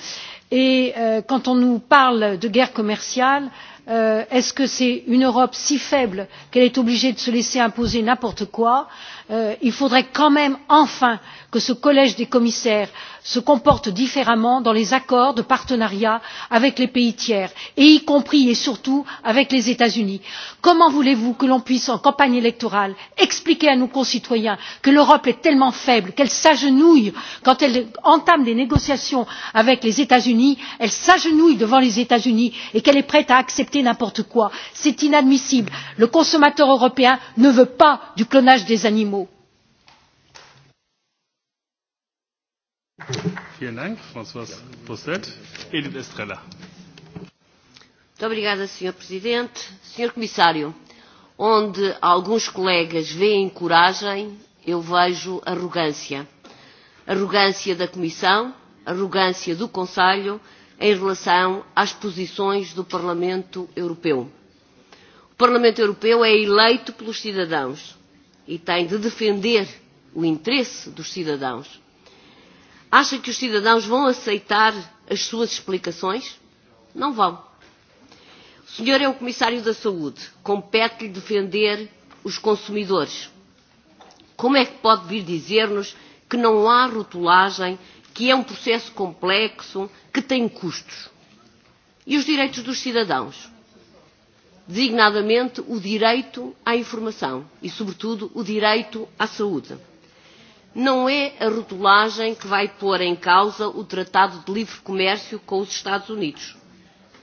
et euh, quand on nous parle de guerre commerciale euh, est ce que une europe si faible qu'elle est obligée de se laisser imposer n'importe quoi? Euh, il faudrait quand même enfin que ce collège des commissaires se comporte différemment dans les accords de partenariat avec les pays tiers y compris et surtout avec les états unis. comment voulez vous que l'on puisse en campagne électorale expliquer à nos concitoyens que l'europe est tellement faible qu'elle s'agenouille quand elle entame des négociations avec les états unis elle s'agenouille devant les états unis et qu'elle est prête à accepter n'importe quoi? c'est inadmissible. le consommateur européen ne veut pas du clonage des animaux. Vielen Dank, François Postet. Edith Estrella. obrigada, Sr. Presidente. Sr. Comissário, onde alguns colegas veem coragem, eu vejo arrogância. Arrogância da Comissão, arrogância do Conselho em relação às posições do Parlamento Europeu. O Parlamento Europeu é eleito pelos cidadãos e tem de defender o interesse dos cidadãos Acha que os cidadãos vão aceitar as suas explicações? Não vão. O senhor é o Comissário da Saúde. Compete-lhe defender os consumidores. Como é que pode vir dizer-nos que não há rotulagem, que é um processo complexo, que tem custos? E os direitos dos cidadãos? Designadamente o direito à informação e, sobretudo, o direito à saúde não é a rotulagem que vai pôr em causa o Tratado de Livre Comércio com os Estados Unidos.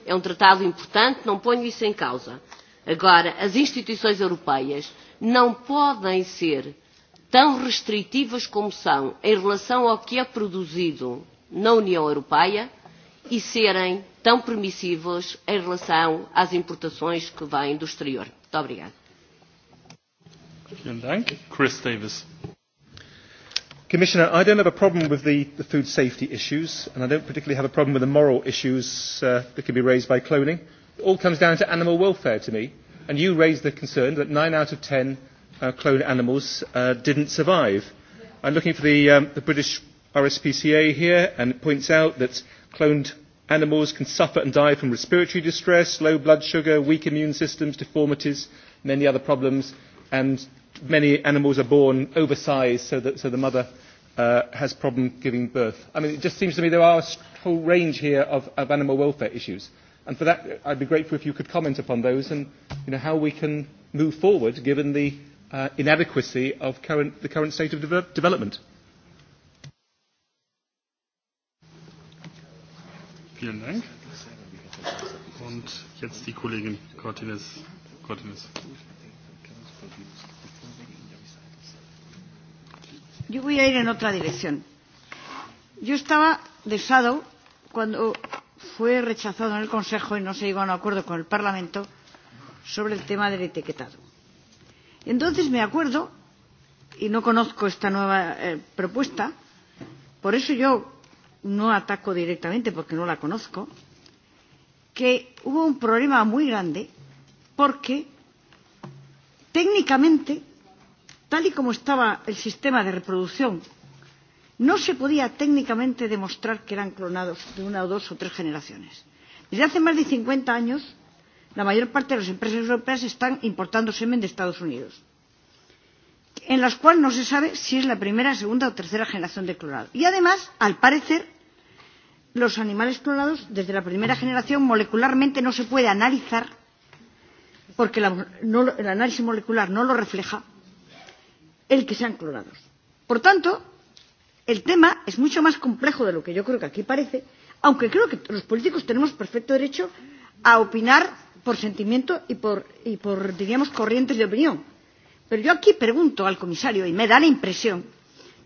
É um tratado importante, não ponho isso em causa. Agora, as instituições europeias não podem ser tão restritivas como são em relação ao que é produzido na União Europeia e serem tão permissivas em relação às importações que vêm do exterior. Muito obrigada. Chris Davis. Commissioner, I do not have a problem with the, food safety issues, and I do not particularly have a problem with the moral issues uh, that can be raised by cloning. It all comes down to animal welfare to me. And you raised the concern that nine out of ten uh, cloned animals uh, not survive. i am looking for the, um, the British RSPCA here, and it points out that cloned animals can suffer and die from respiratory distress, low blood sugar, weak immune systems, deformities, many other problems, and many animals are born oversized so that so the mother uh, has problem giving birth. I mean, it just seems to me there are a whole range here of, of animal welfare issues. And for that, I'd be grateful if you could comment upon those and you know, how we can move forward given the uh, inadequacy of current, the current state of de- development. Vielen Dank. Und jetzt die Kollegin Cortines. Cortines. Yo voy a ir en otra dirección. Yo estaba de Shadow cuando fue rechazado en el Consejo y no se llegó a un acuerdo con el Parlamento sobre el tema del etiquetado. Entonces me acuerdo, y no conozco esta nueva eh, propuesta, por eso yo no ataco directamente porque no la conozco, que hubo un problema muy grande porque técnicamente tal y como estaba el sistema de reproducción, no se podía técnicamente demostrar que eran clonados de una o dos o tres generaciones. Desde hace más de 50 años, la mayor parte de las empresas europeas están importando semen de Estados Unidos, en las cuales no se sabe si es la primera, segunda o tercera generación de clonado. Y además, al parecer, los animales clonados desde la primera generación molecularmente no se puede analizar porque la, no, el análisis molecular no lo refleja el que sean clonados. Por tanto, el tema es mucho más complejo de lo que yo creo que aquí parece, aunque creo que los políticos tenemos perfecto derecho a opinar por sentimiento y por, y por diríamos, corrientes de opinión. Pero yo aquí pregunto al comisario y me da la impresión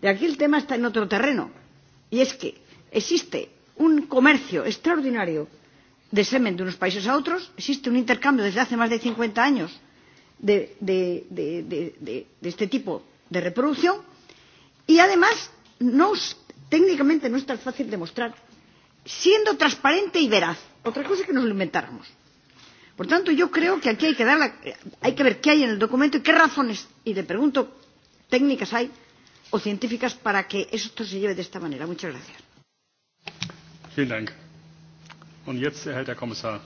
de que aquí el tema está en otro terreno. Y es que existe un comercio extraordinario de semen de unos países a otros, existe un intercambio desde hace más de 50 años de, de, de, de, de, de este tipo de reproducción y además no, técnicamente no es tan fácil demostrar siendo transparente y veraz. Otra cosa es que nos lo inventáramos. Por tanto, yo creo que aquí hay que, dar la, hay que ver qué hay en el documento y qué razones, y le pregunto, técnicas hay o científicas para que esto se lleve de esta manera. Muchas gracias. Vielen Dank. Und jetzt erhält der Kommissar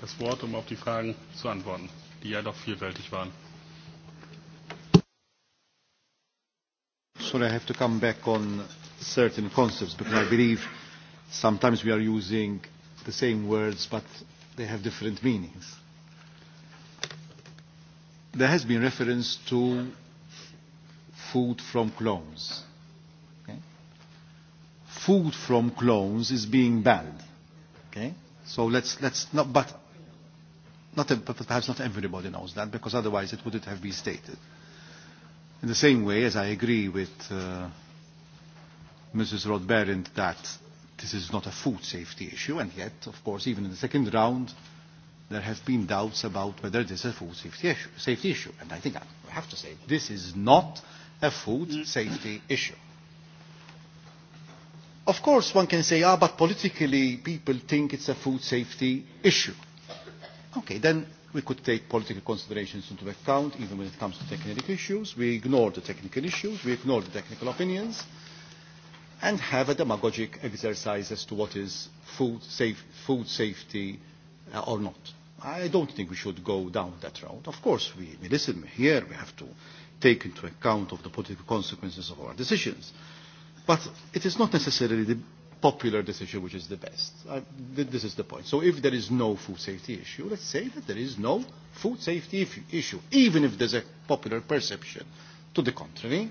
das Wort, um auf die Fragen zu antworten, die ja doch vielfältig waren. sorry, I have to come back on certain concepts because I believe sometimes we are using the same words but they have different meanings. There has been reference to food from clones. Okay? Food from clones is being banned. Okay? So let's, let's not, but not, perhaps not everybody knows that because otherwise it wouldn't have been stated. In the same way as I agree with uh, Mrs. roth that this is not a food safety issue, and yet, of course, even in the second round, there have been doubts about whether this is a food safety issue. Safety issue. And I think I have to say, this is not a food mm. safety issue. Of course, one can say, ah, but politically people think it's a food safety issue. Okay, then We could take political considerations into account, even when it comes to technical issues. We ignore the technical issues. We ignore the technical opinions and have a demagogic exercise as to what is food, safe, food safety uh, or not. I don't think we should go down that route. Of course, we, we listen here. We have to take into account of the political consequences of our decisions. But it is not necessarily the popular decision which is the best. I, th- this is the point. So if there is no food safety issue, let's say that there is no food safety issue, even if there's a popular perception to the contrary.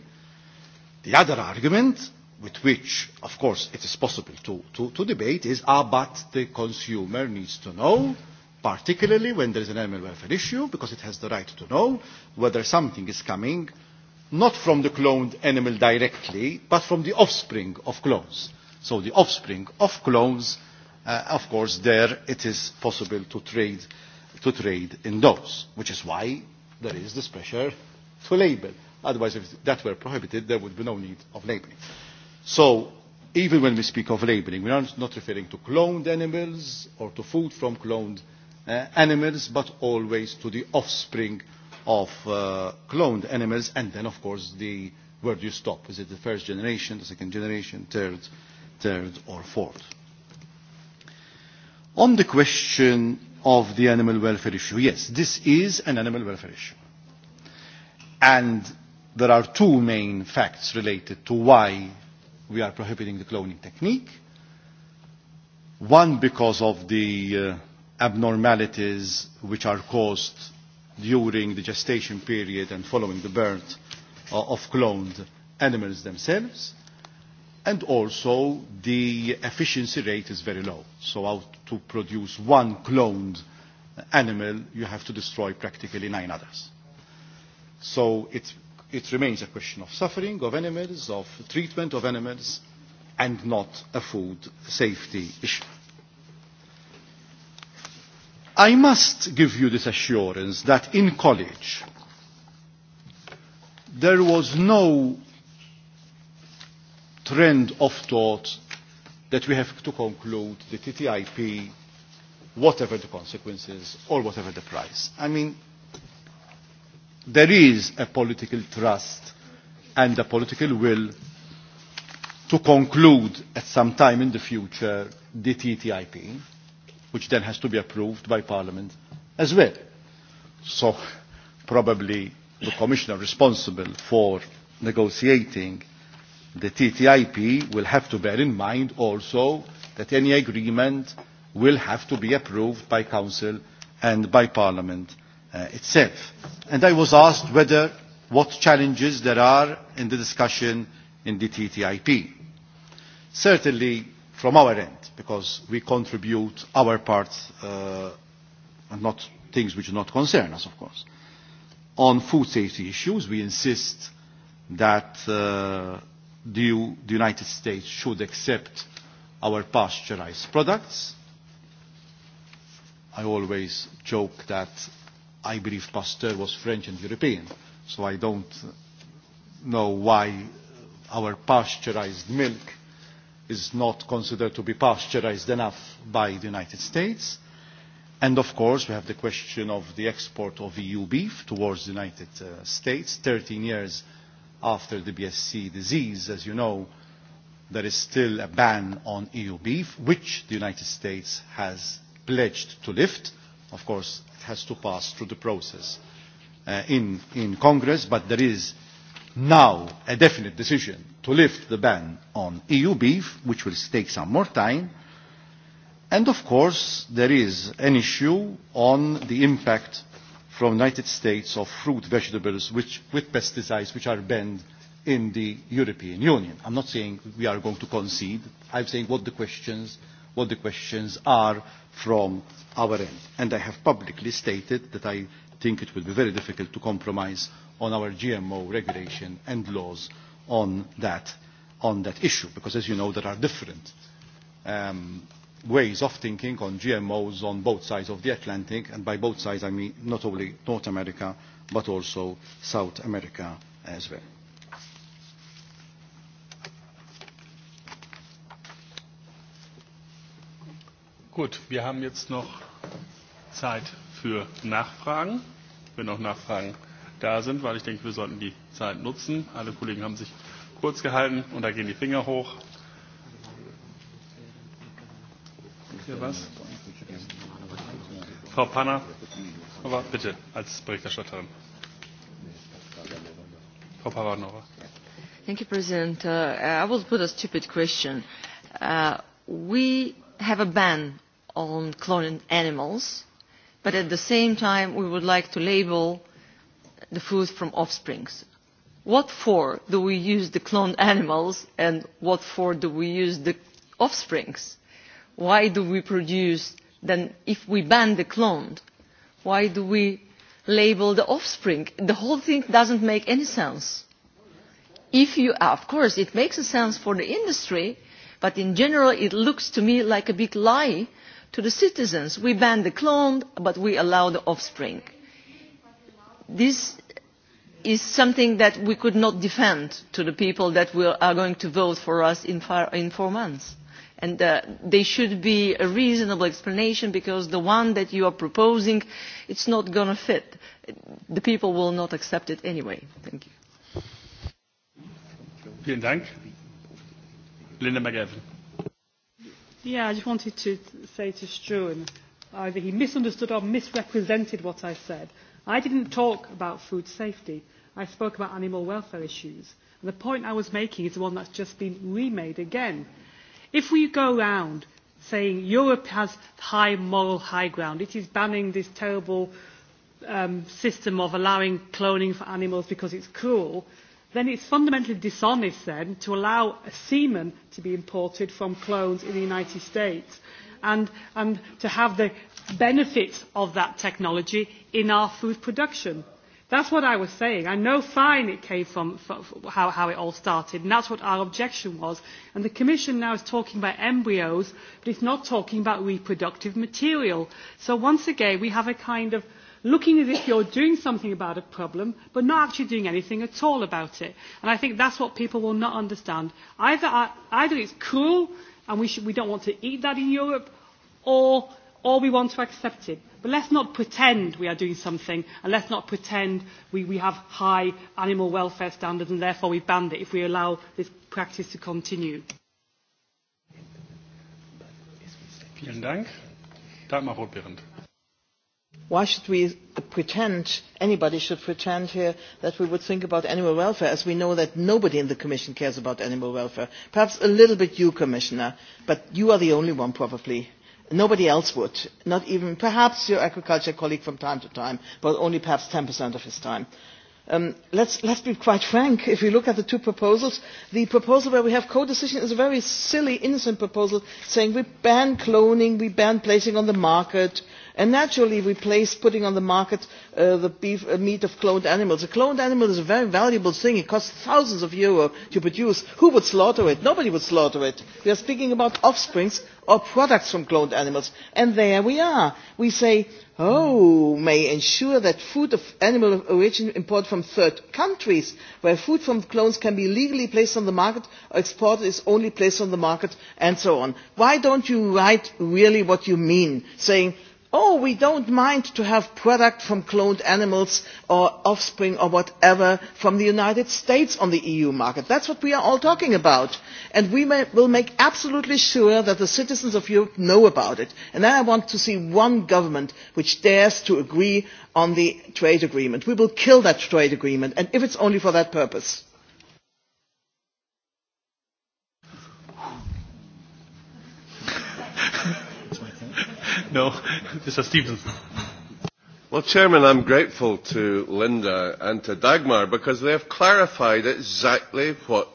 The other argument, with which, of course, it is possible to, to, to debate, is, ah, but the consumer needs to know, particularly when there is an animal welfare issue, because it has the right to know whether something is coming not from the cloned animal directly, but from the offspring of clones So the offspring of clones, uh, of course, there it is possible to trade, to trade in those, which is why there is this pressure to label. Otherwise, if that were prohibited, there would be no need of labeling. So even when we speak of labeling, we are not referring to cloned animals or to food from cloned uh, animals, but always to the offspring of uh, cloned animals, and then, of course, the where do you stop? Is it the first generation, the second generation, third, generation? third or fourth. On the question of the animal welfare issue, yes, this is an animal welfare issue. And there are two main facts related to why we are prohibiting the cloning technique. One, because of the uh, abnormalities which are caused during the gestation period and following the birth uh, of cloned animals themselves and also the efficiency rate is very low. So out to produce one cloned animal, you have to destroy practically nine others. So it, it remains a question of suffering of animals, of treatment of animals, and not a food safety issue. I must give you this assurance that in college there was no trend of thought that we have to conclude the TTIP, whatever the consequences or whatever the price. I mean, there is a political trust and a political will to conclude at some time in the future the TTIP, which then has to be approved by Parliament as well. So probably the Commissioner responsible for negotiating the TTIP will have to bear in mind also that any agreement will have to be approved by Council and by Parliament uh, itself. And I was asked whether what challenges there are in the discussion in the TTIP. Certainly from our end, because we contribute our part uh, and not things which do not concern us, of course. On food safety issues, we insist that uh, the, EU, the United States should accept our pasteurized products. I always joke that I believe Pasteur was French and European, so I don't know why our pasteurized milk is not considered to be pasteurized enough by the United States. And of course, we have the question of the export of EU beef towards the United uh, States. 13 years after the BSC disease, as you know, there is still a ban on EU beef, which the United States has pledged to lift. Of course, it has to pass through the process uh, in, in Congress, but there is now a definite decision to lift the ban on EU beef, which will take some more time. And of course, there is an issue on the impact from United States of fruit, vegetables which, with pesticides which are banned in the European Union. I'm not saying we are going to concede. I'm saying what the questions, what the questions are from our end. And I have publicly stated that I think it will be very difficult to compromise on our GMO regulation and laws on that, on that issue, because as you know, there are different um, ways of thinking on GMOs on both sides of the Atlantic, and by both sides I mean not only North America, but also South America as well. Gut, wir haben jetzt noch Zeit für Nachfragen, wenn noch Nachfragen da sind, weil ich denke, wir sollten die Zeit nutzen. Alle Kollegen haben sich kurz gehalten und da gehen die Finger hoch. was? Frau Panna, aber bitte als Berichterstatterin. Frau Pavanova. Thank you, President. Uh, I will put a stupid question. Uh, we have a ban on cloning animals, but at the same time we would like to label the food from offsprings. What for do we use the cloned *laughs* animals and what for do we use the offsprings? why do we produce then if we ban the cloned? Why do we label the offspring? The whole thing doesn't make any sense. If you, of course, it makes a sense for the industry, but in general it looks to me like a big lie to the citizens. We ban the cloned, but we allow the offspring. This is something that we could not defend to the people that will, are going to vote for us in, far, in four months and uh, there should be a reasonable explanation because the one that you are proposing is not going to fit. the people will not accept it anyway. thank you. Vielen Dank. Linda McGavin. Yeah, I just wanted to say to Struan, either he misunderstood or misrepresented what I said. I didn't talk about food safety. I spoke about animal welfare issues. And the point I was making is the one that's just been remade again If we go round saying Europe has high moral high ground, it is banning this terrible um, system of allowing cloning for animals because it's cruel, then it's fundamentally dishonest then to allow a semen to be imported from clones in the United States and, and to have the benefits of that technology in our food production That's what I was saying. I know fine it came from, from how, how it all started, and that's what our objection was. And the Commission now is talking about embryos, but it's not talking about reproductive material. So once again, we have a kind of looking as if you're doing something about a problem, but not actually doing anything at all about it. And I think that's what people will not understand. Either, uh, either it's cruel, and we, should, we don't want to eat that in Europe, or or we want to accept it. But let's not pretend we are doing something, and let's not pretend we, we have high animal welfare standards and therefore we've banned it if we allow this practice to continue. Vielen Dank. Dagmar Why should we pretend, anybody should pretend here, that we would think about animal welfare, as we know that nobody in the Commission cares about animal welfare? Perhaps a little bit you, Commissioner, but you are the only one probably Nobody else would, not even perhaps your agriculture colleague from time to time, but only perhaps 10% of his time. Um, let's, let's be quite frank. If you look at the two proposals, the proposal where we have co-decision is a very silly, innocent proposal saying we ban cloning, we ban placing on the market, uh, and naturally place putting on the market uh, the uh, meat of cloned animals. A cloned animal is a very valuable thing. It costs thousands of euros to produce. Who would slaughter it? Nobody would slaughter it. We are speaking about offspring or products from cloned animals. And there we are. We say, oh, may ensure that food of animal origin imported from third countries where food from clones can be legally placed on the market or exported is only placed on the market and so on. Why don't you write really what you mean, saying oh we do not mind to have products from cloned animals or offspring or whatever from the united states on the eu market that is what we are all talking about and we will make absolutely sure that the citizens of europe know about it and then i want to see one government which dares to agree on the trade agreement. we will kill that trade agreement if it is only for that purpose. no, *laughs* Mr. Stevens. Well, Chairman, I'm grateful to Linda and to Dagmar because they have clarified exactly what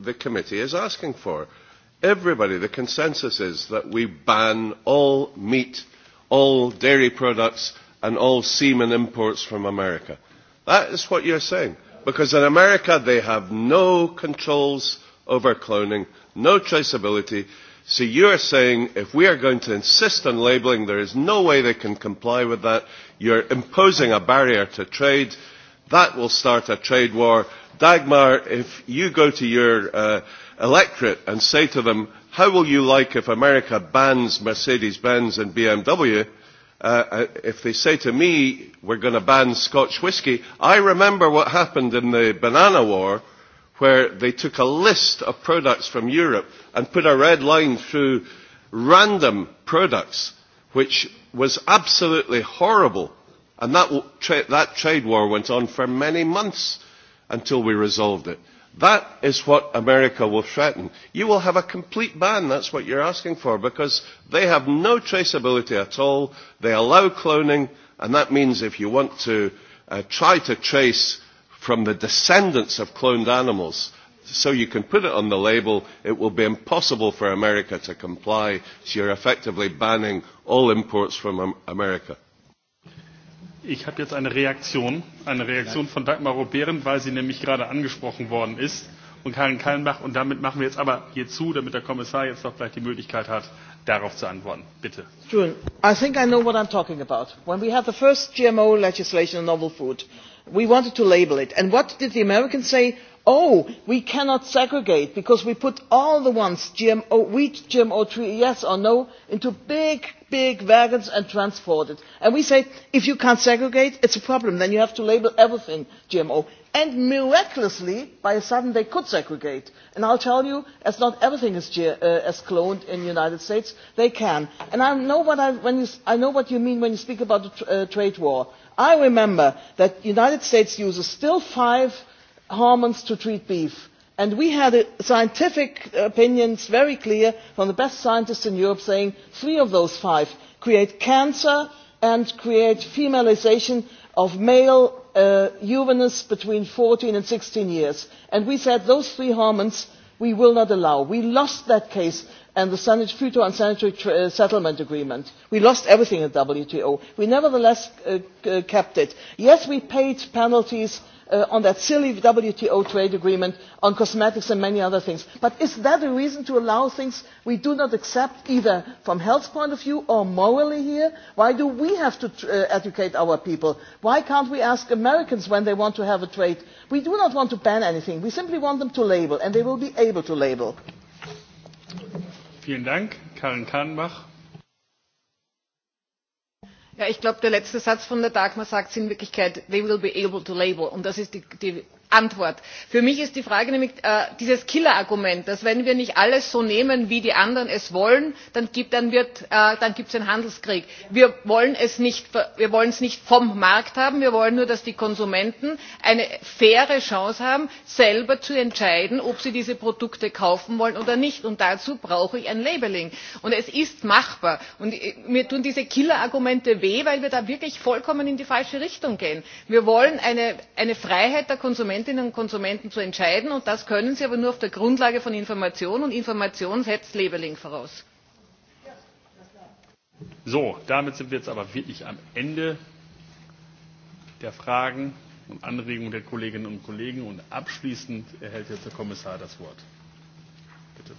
the committee is asking for. Everybody, the consensus is that we ban all meat, all dairy products, and all semen imports from America. That is what you're saying. Because in America, they have no controls over cloning, no traceability, So you are saying if we are going to insist on labelling, there is no way they can comply with that. You're imposing a barrier to trade. That will start a trade war. Dagmar, if you go to your uh, electorate and say to them, how will you like if America bans Mercedes-Benz and BMW? Uh, uh, if they say to me, we're going to ban Scotch whisky, I remember what happened in the banana war where they took a list of products from Europe and put a red line through random products, which was absolutely horrible. And that, tra- that trade war went on for many months until we resolved it. That is what America will threaten. You will have a complete ban, that's what you're asking for, because they have no traceability at all. They allow cloning, and that means if you want to uh, try to trace from the descendants of cloned animals. So you can put it on the label, it will be impossible for America to comply. So you're effectively banning all imports from America. Ich habe jetzt eine Reaktion, eine Reaktion von Dagmar Robert, weil sie nämlich gerade angesprochen worden ist und Karin Kallenbach. Und damit machen wir jetzt aber hier zu, damit der Kommissar jetzt noch vielleicht die Möglichkeit hat, darauf zu antworten. Bitte. I think I know what I'm talking about. When we had the first GMO legislation in novel food, we wanted to label it and what did the americans say? oh we cannot segregate because we put all the ones gmo wheat gmo tree yes or no into big big wagons and transport it and we say if you can't segregate it's a problem then you have to label everything gmo and miraculously by a sudden they could segregate and i'll tell you as not everything is, G- uh, cloned in the united states they can and i know what, I, when you, I know what you mean when you speak about the tr- uh, trade war i remember that the united states uses still five hormones to treat beef and we had scientific opinions very clear from the best scientists in europe saying three of those five create cancer and create femalisation of male uh, between fourteen and sixteen years and we said those three hormones we will not allow. we lost that case and the Futo and Sanitary uh, Settlement Agreement. We lost everything in the WTO. We nevertheless uh, uh, kept it. Yes, we paid penalties on that silly WTO trade agreement on cosmetics and many other things. But is that a reason to allow things we do not accept either from a health point of view or morally here? Why do we have to educate our people? Why can't we ask Americans when they want to have a trade? We do not want to ban anything. We simply want them to label, and they will be able to label. Vielen Dank. Karin Kahnbach. Ja, ich glaube, der letzte Satz von der Dagmar sagt es in Wirklichkeit, they will be able to label. Und das ist die, die antwort. für mich ist die frage nämlich äh, dieses killer argument dass wenn wir nicht alles so nehmen wie die anderen es wollen dann gibt es äh, einen handelskrieg. wir wollen es nicht vom markt haben wir wollen nur dass die konsumenten eine faire chance haben selber zu entscheiden ob sie diese produkte kaufen wollen oder nicht und dazu brauche ich ein labelling. es ist machbar. Äh, mir tun diese killer argumente weh weil wir da wirklich vollkommen in die falsche richtung gehen. wir wollen eine freiheit der konsumenten konsumentinnen und konsumenten zu entscheiden und das können sie aber nur auf der grundlage von information und information setzt labeling voraus. So, damit sind wir jetzt aber wirklich am Ende der Fragen und Anregungen der Kolleginnen und Kollegen. Und abschließend erhält jetzt der Kommissar das Wort. Bitte.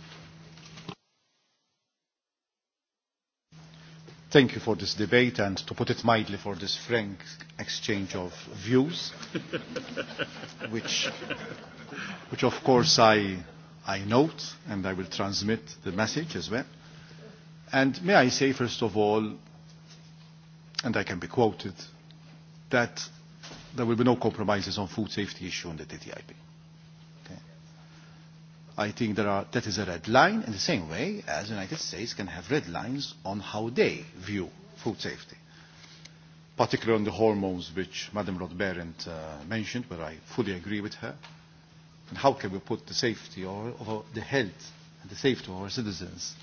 thank you for this debate and, to put it mildly, for this frank exchange of views, *laughs* which, which of course I, I note and I will transmit the message as well. And may I say, first of all, and I can be quoted, that there will be no compromises on food safety issue on the TTIP I think there are, that is a red line in the same way as the United States can have red lines on how they view food safety, particularly on the hormones which Madam Rothberend uh, mentioned, where I fully agree with her. And how can we put the safety or, or the health and the safety of our citizens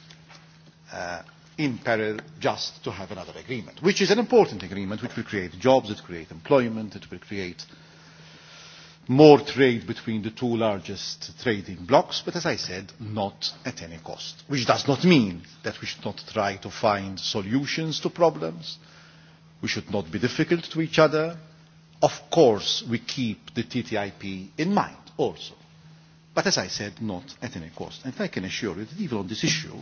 uh, in peril just to have another agreement, which is an important agreement, which will create jobs, it will create employment, it will create uh, more trade between the two largest trading blocks, but as I said, not at any cost, which does not mean that we should not try to find solutions to problems. We should not be difficult to each other. Of course, we keep the TTIP in mind also, but as I said, not at any cost. And I can assure you that even on this issue,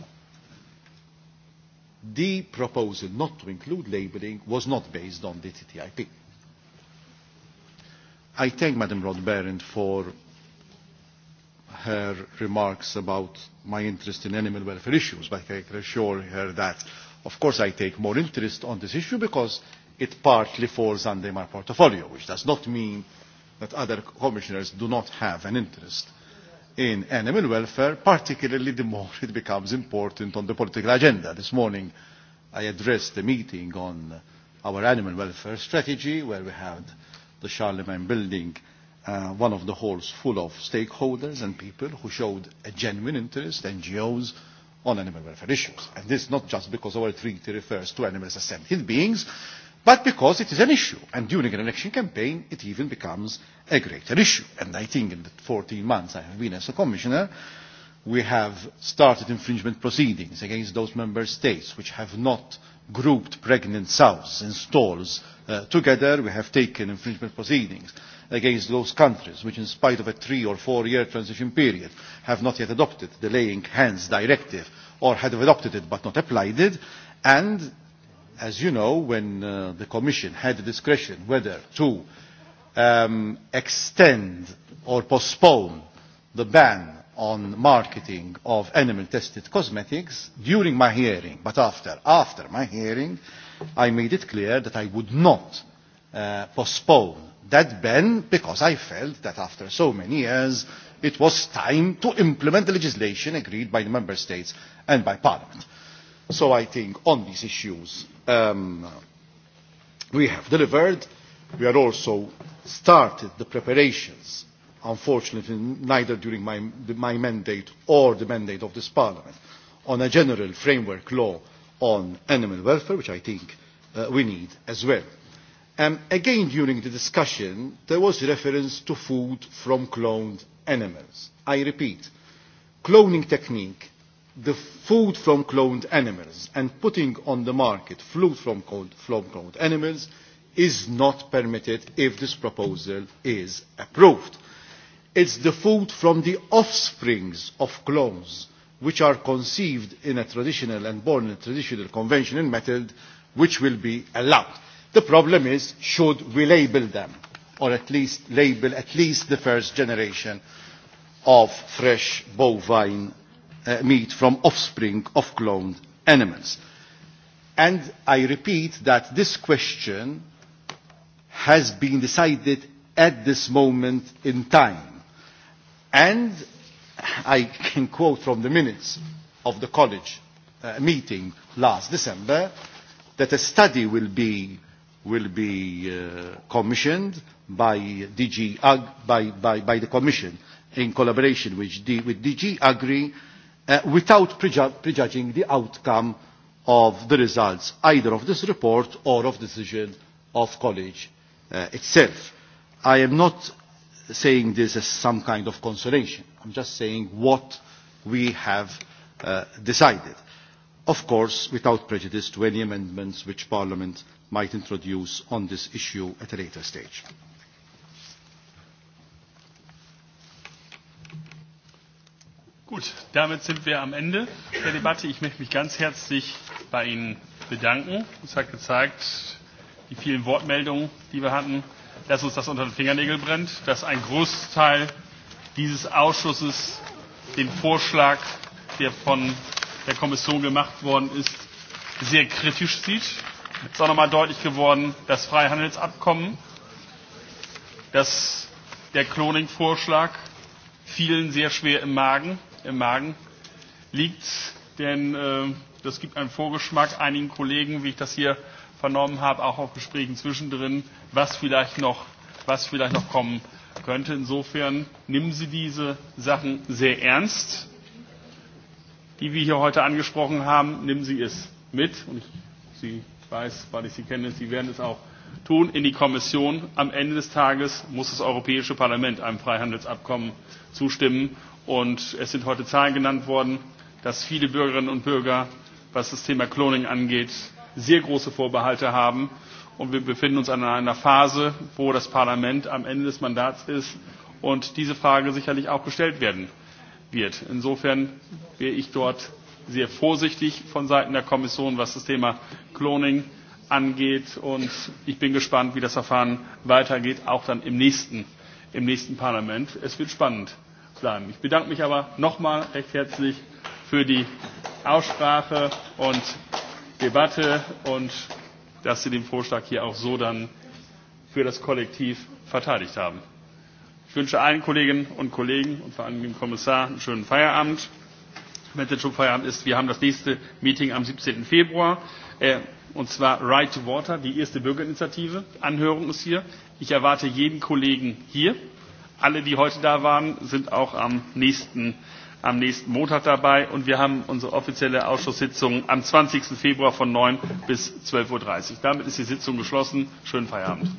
the proposal not to include labelling was not based on the TTIP I thank Madam Roth-Behrendt for her remarks about my interest in animal welfare issues, but I can assure her that, of course, I take more interest on this issue because it partly falls under my portfolio, which does not mean that other commissioners do not have an interest in animal welfare, particularly the more it becomes important on the political agenda. This morning I addressed the meeting on our animal welfare strategy, where we had the Charlemagne building, uh, one of the halls full of stakeholders and people who showed a genuine interest, NGOs, on animal welfare issues. And this not just because our treaty refers to animals as sentient beings, but because it is an issue. And during an election campaign, it even becomes a greater issue. And I think in the 14 months I have been as a commissioner, uh, we have started infringement proceedings against those member states which have not grouped pregnant sows in stalls uh, together. We have taken infringement proceedings against those countries which, in spite of a three or four-year transition period, have not yet adopted the Laying Hands Directive or had adopted it but not applied it. And, as you know, when uh, the Commission had the discretion whether to um, extend or postpone the ban on marketing of animal tested cosmetics during my hearing but after after my hearing i made it clear that i would not uh, postpone that ban because i felt that after so many years it was time to implement the legislation agreed by the member states and by parliament so i think on these issues um, we have delivered we are also started the preparations unfortunately neither during my, mandate or the mandate of this parliament, on a general framework law on animal welfare, which I think uh, we need as well. Um, again, during the discussion, there was reference to food from cloned animals. I repeat, cloning technique, the food from cloned animals, and putting on the market food from cloned animals is not permitted if this proposal is approved it is the food from the offspring of clones, which are conceived in a traditional and born in a traditional conventional method, which will be allowed. The problem is, should we label them, or at least label at least the first generation of fresh bovine uh, meat from offspring of cloned animals? And I repeat that this question has been decided at this moment in time and i can quote from the minutes of the college uh, meeting last december that a study will be will be uh, commissioned by dg Ag, by, by, by the commission in collaboration with, D, with dg agri uh, without prejudging the outcome of the results either of this report or of the decision of college uh, itself i am not saying this as some kind of consolation. I'm just saying what we have uh, decided. Of course, without prejudice to any amendments which Parliament might introduce on this issue at a later stage. Gut, damit sind wir am Ende der Debatte. Ich möchte mich ganz herzlich bei Ihnen bedanken. Es hat gezeigt, die vielen Wortmeldungen, die wir hatten, dass uns das unter den Fingernägeln brennt, dass ein Großteil dieses Ausschusses den Vorschlag, der von der Kommission gemacht worden ist, sehr kritisch sieht. Es ist auch nochmal deutlich geworden, das Freihandelsabkommen, dass der Cloning-Vorschlag vielen sehr schwer im Magen, im Magen liegt, denn äh, das gibt einen Vorgeschmack einigen Kollegen, wie ich das hier vernommen habe, auch auf Gesprächen zwischendrin, was vielleicht noch, was vielleicht noch kommen könnte. Insofern nehmen Sie diese Sachen sehr ernst, die wir hier heute angesprochen haben. Nehmen Sie es mit. Und ich, Sie weiß, weil ich Sie kenne, Sie werden es auch tun in die Kommission. Am Ende des Tages muss das Europäische Parlament einem Freihandelsabkommen zustimmen. Und es sind heute Zahlen genannt worden, dass viele Bürgerinnen und Bürger, was das Thema Cloning angeht, sehr große Vorbehalte haben. Und wir befinden uns in einer Phase, wo das Parlament am Ende des Mandats ist und diese Frage sicherlich auch gestellt werden wird. Insofern wäre ich dort sehr vorsichtig von Seiten der Kommission, was das Thema Cloning angeht. Und ich bin gespannt, wie das Verfahren weitergeht, auch dann im nächsten, im nächsten Parlament. Es wird spannend bleiben. Ich bedanke mich aber nochmal recht herzlich für die Aussprache und Debatte und dass Sie den Vorschlag hier auch so dann für das Kollektiv verteidigt haben. Ich wünsche allen Kolleginnen und Kollegen und vor allem dem Kommissar einen schönen Feierabend. Wenn es jetzt schon Feierabend ist, wir haben das nächste Meeting am 17. Februar, äh, und zwar Right to Water, die erste Bürgerinitiative. Anhörung ist hier. Ich erwarte jeden Kollegen hier. Alle, die heute da waren, sind auch am nächsten am nächsten Montag dabei. Und wir haben unsere offizielle Ausschusssitzung am 20. Februar von 9 bis 12.30 Uhr. Damit ist die Sitzung geschlossen. Schönen Feierabend.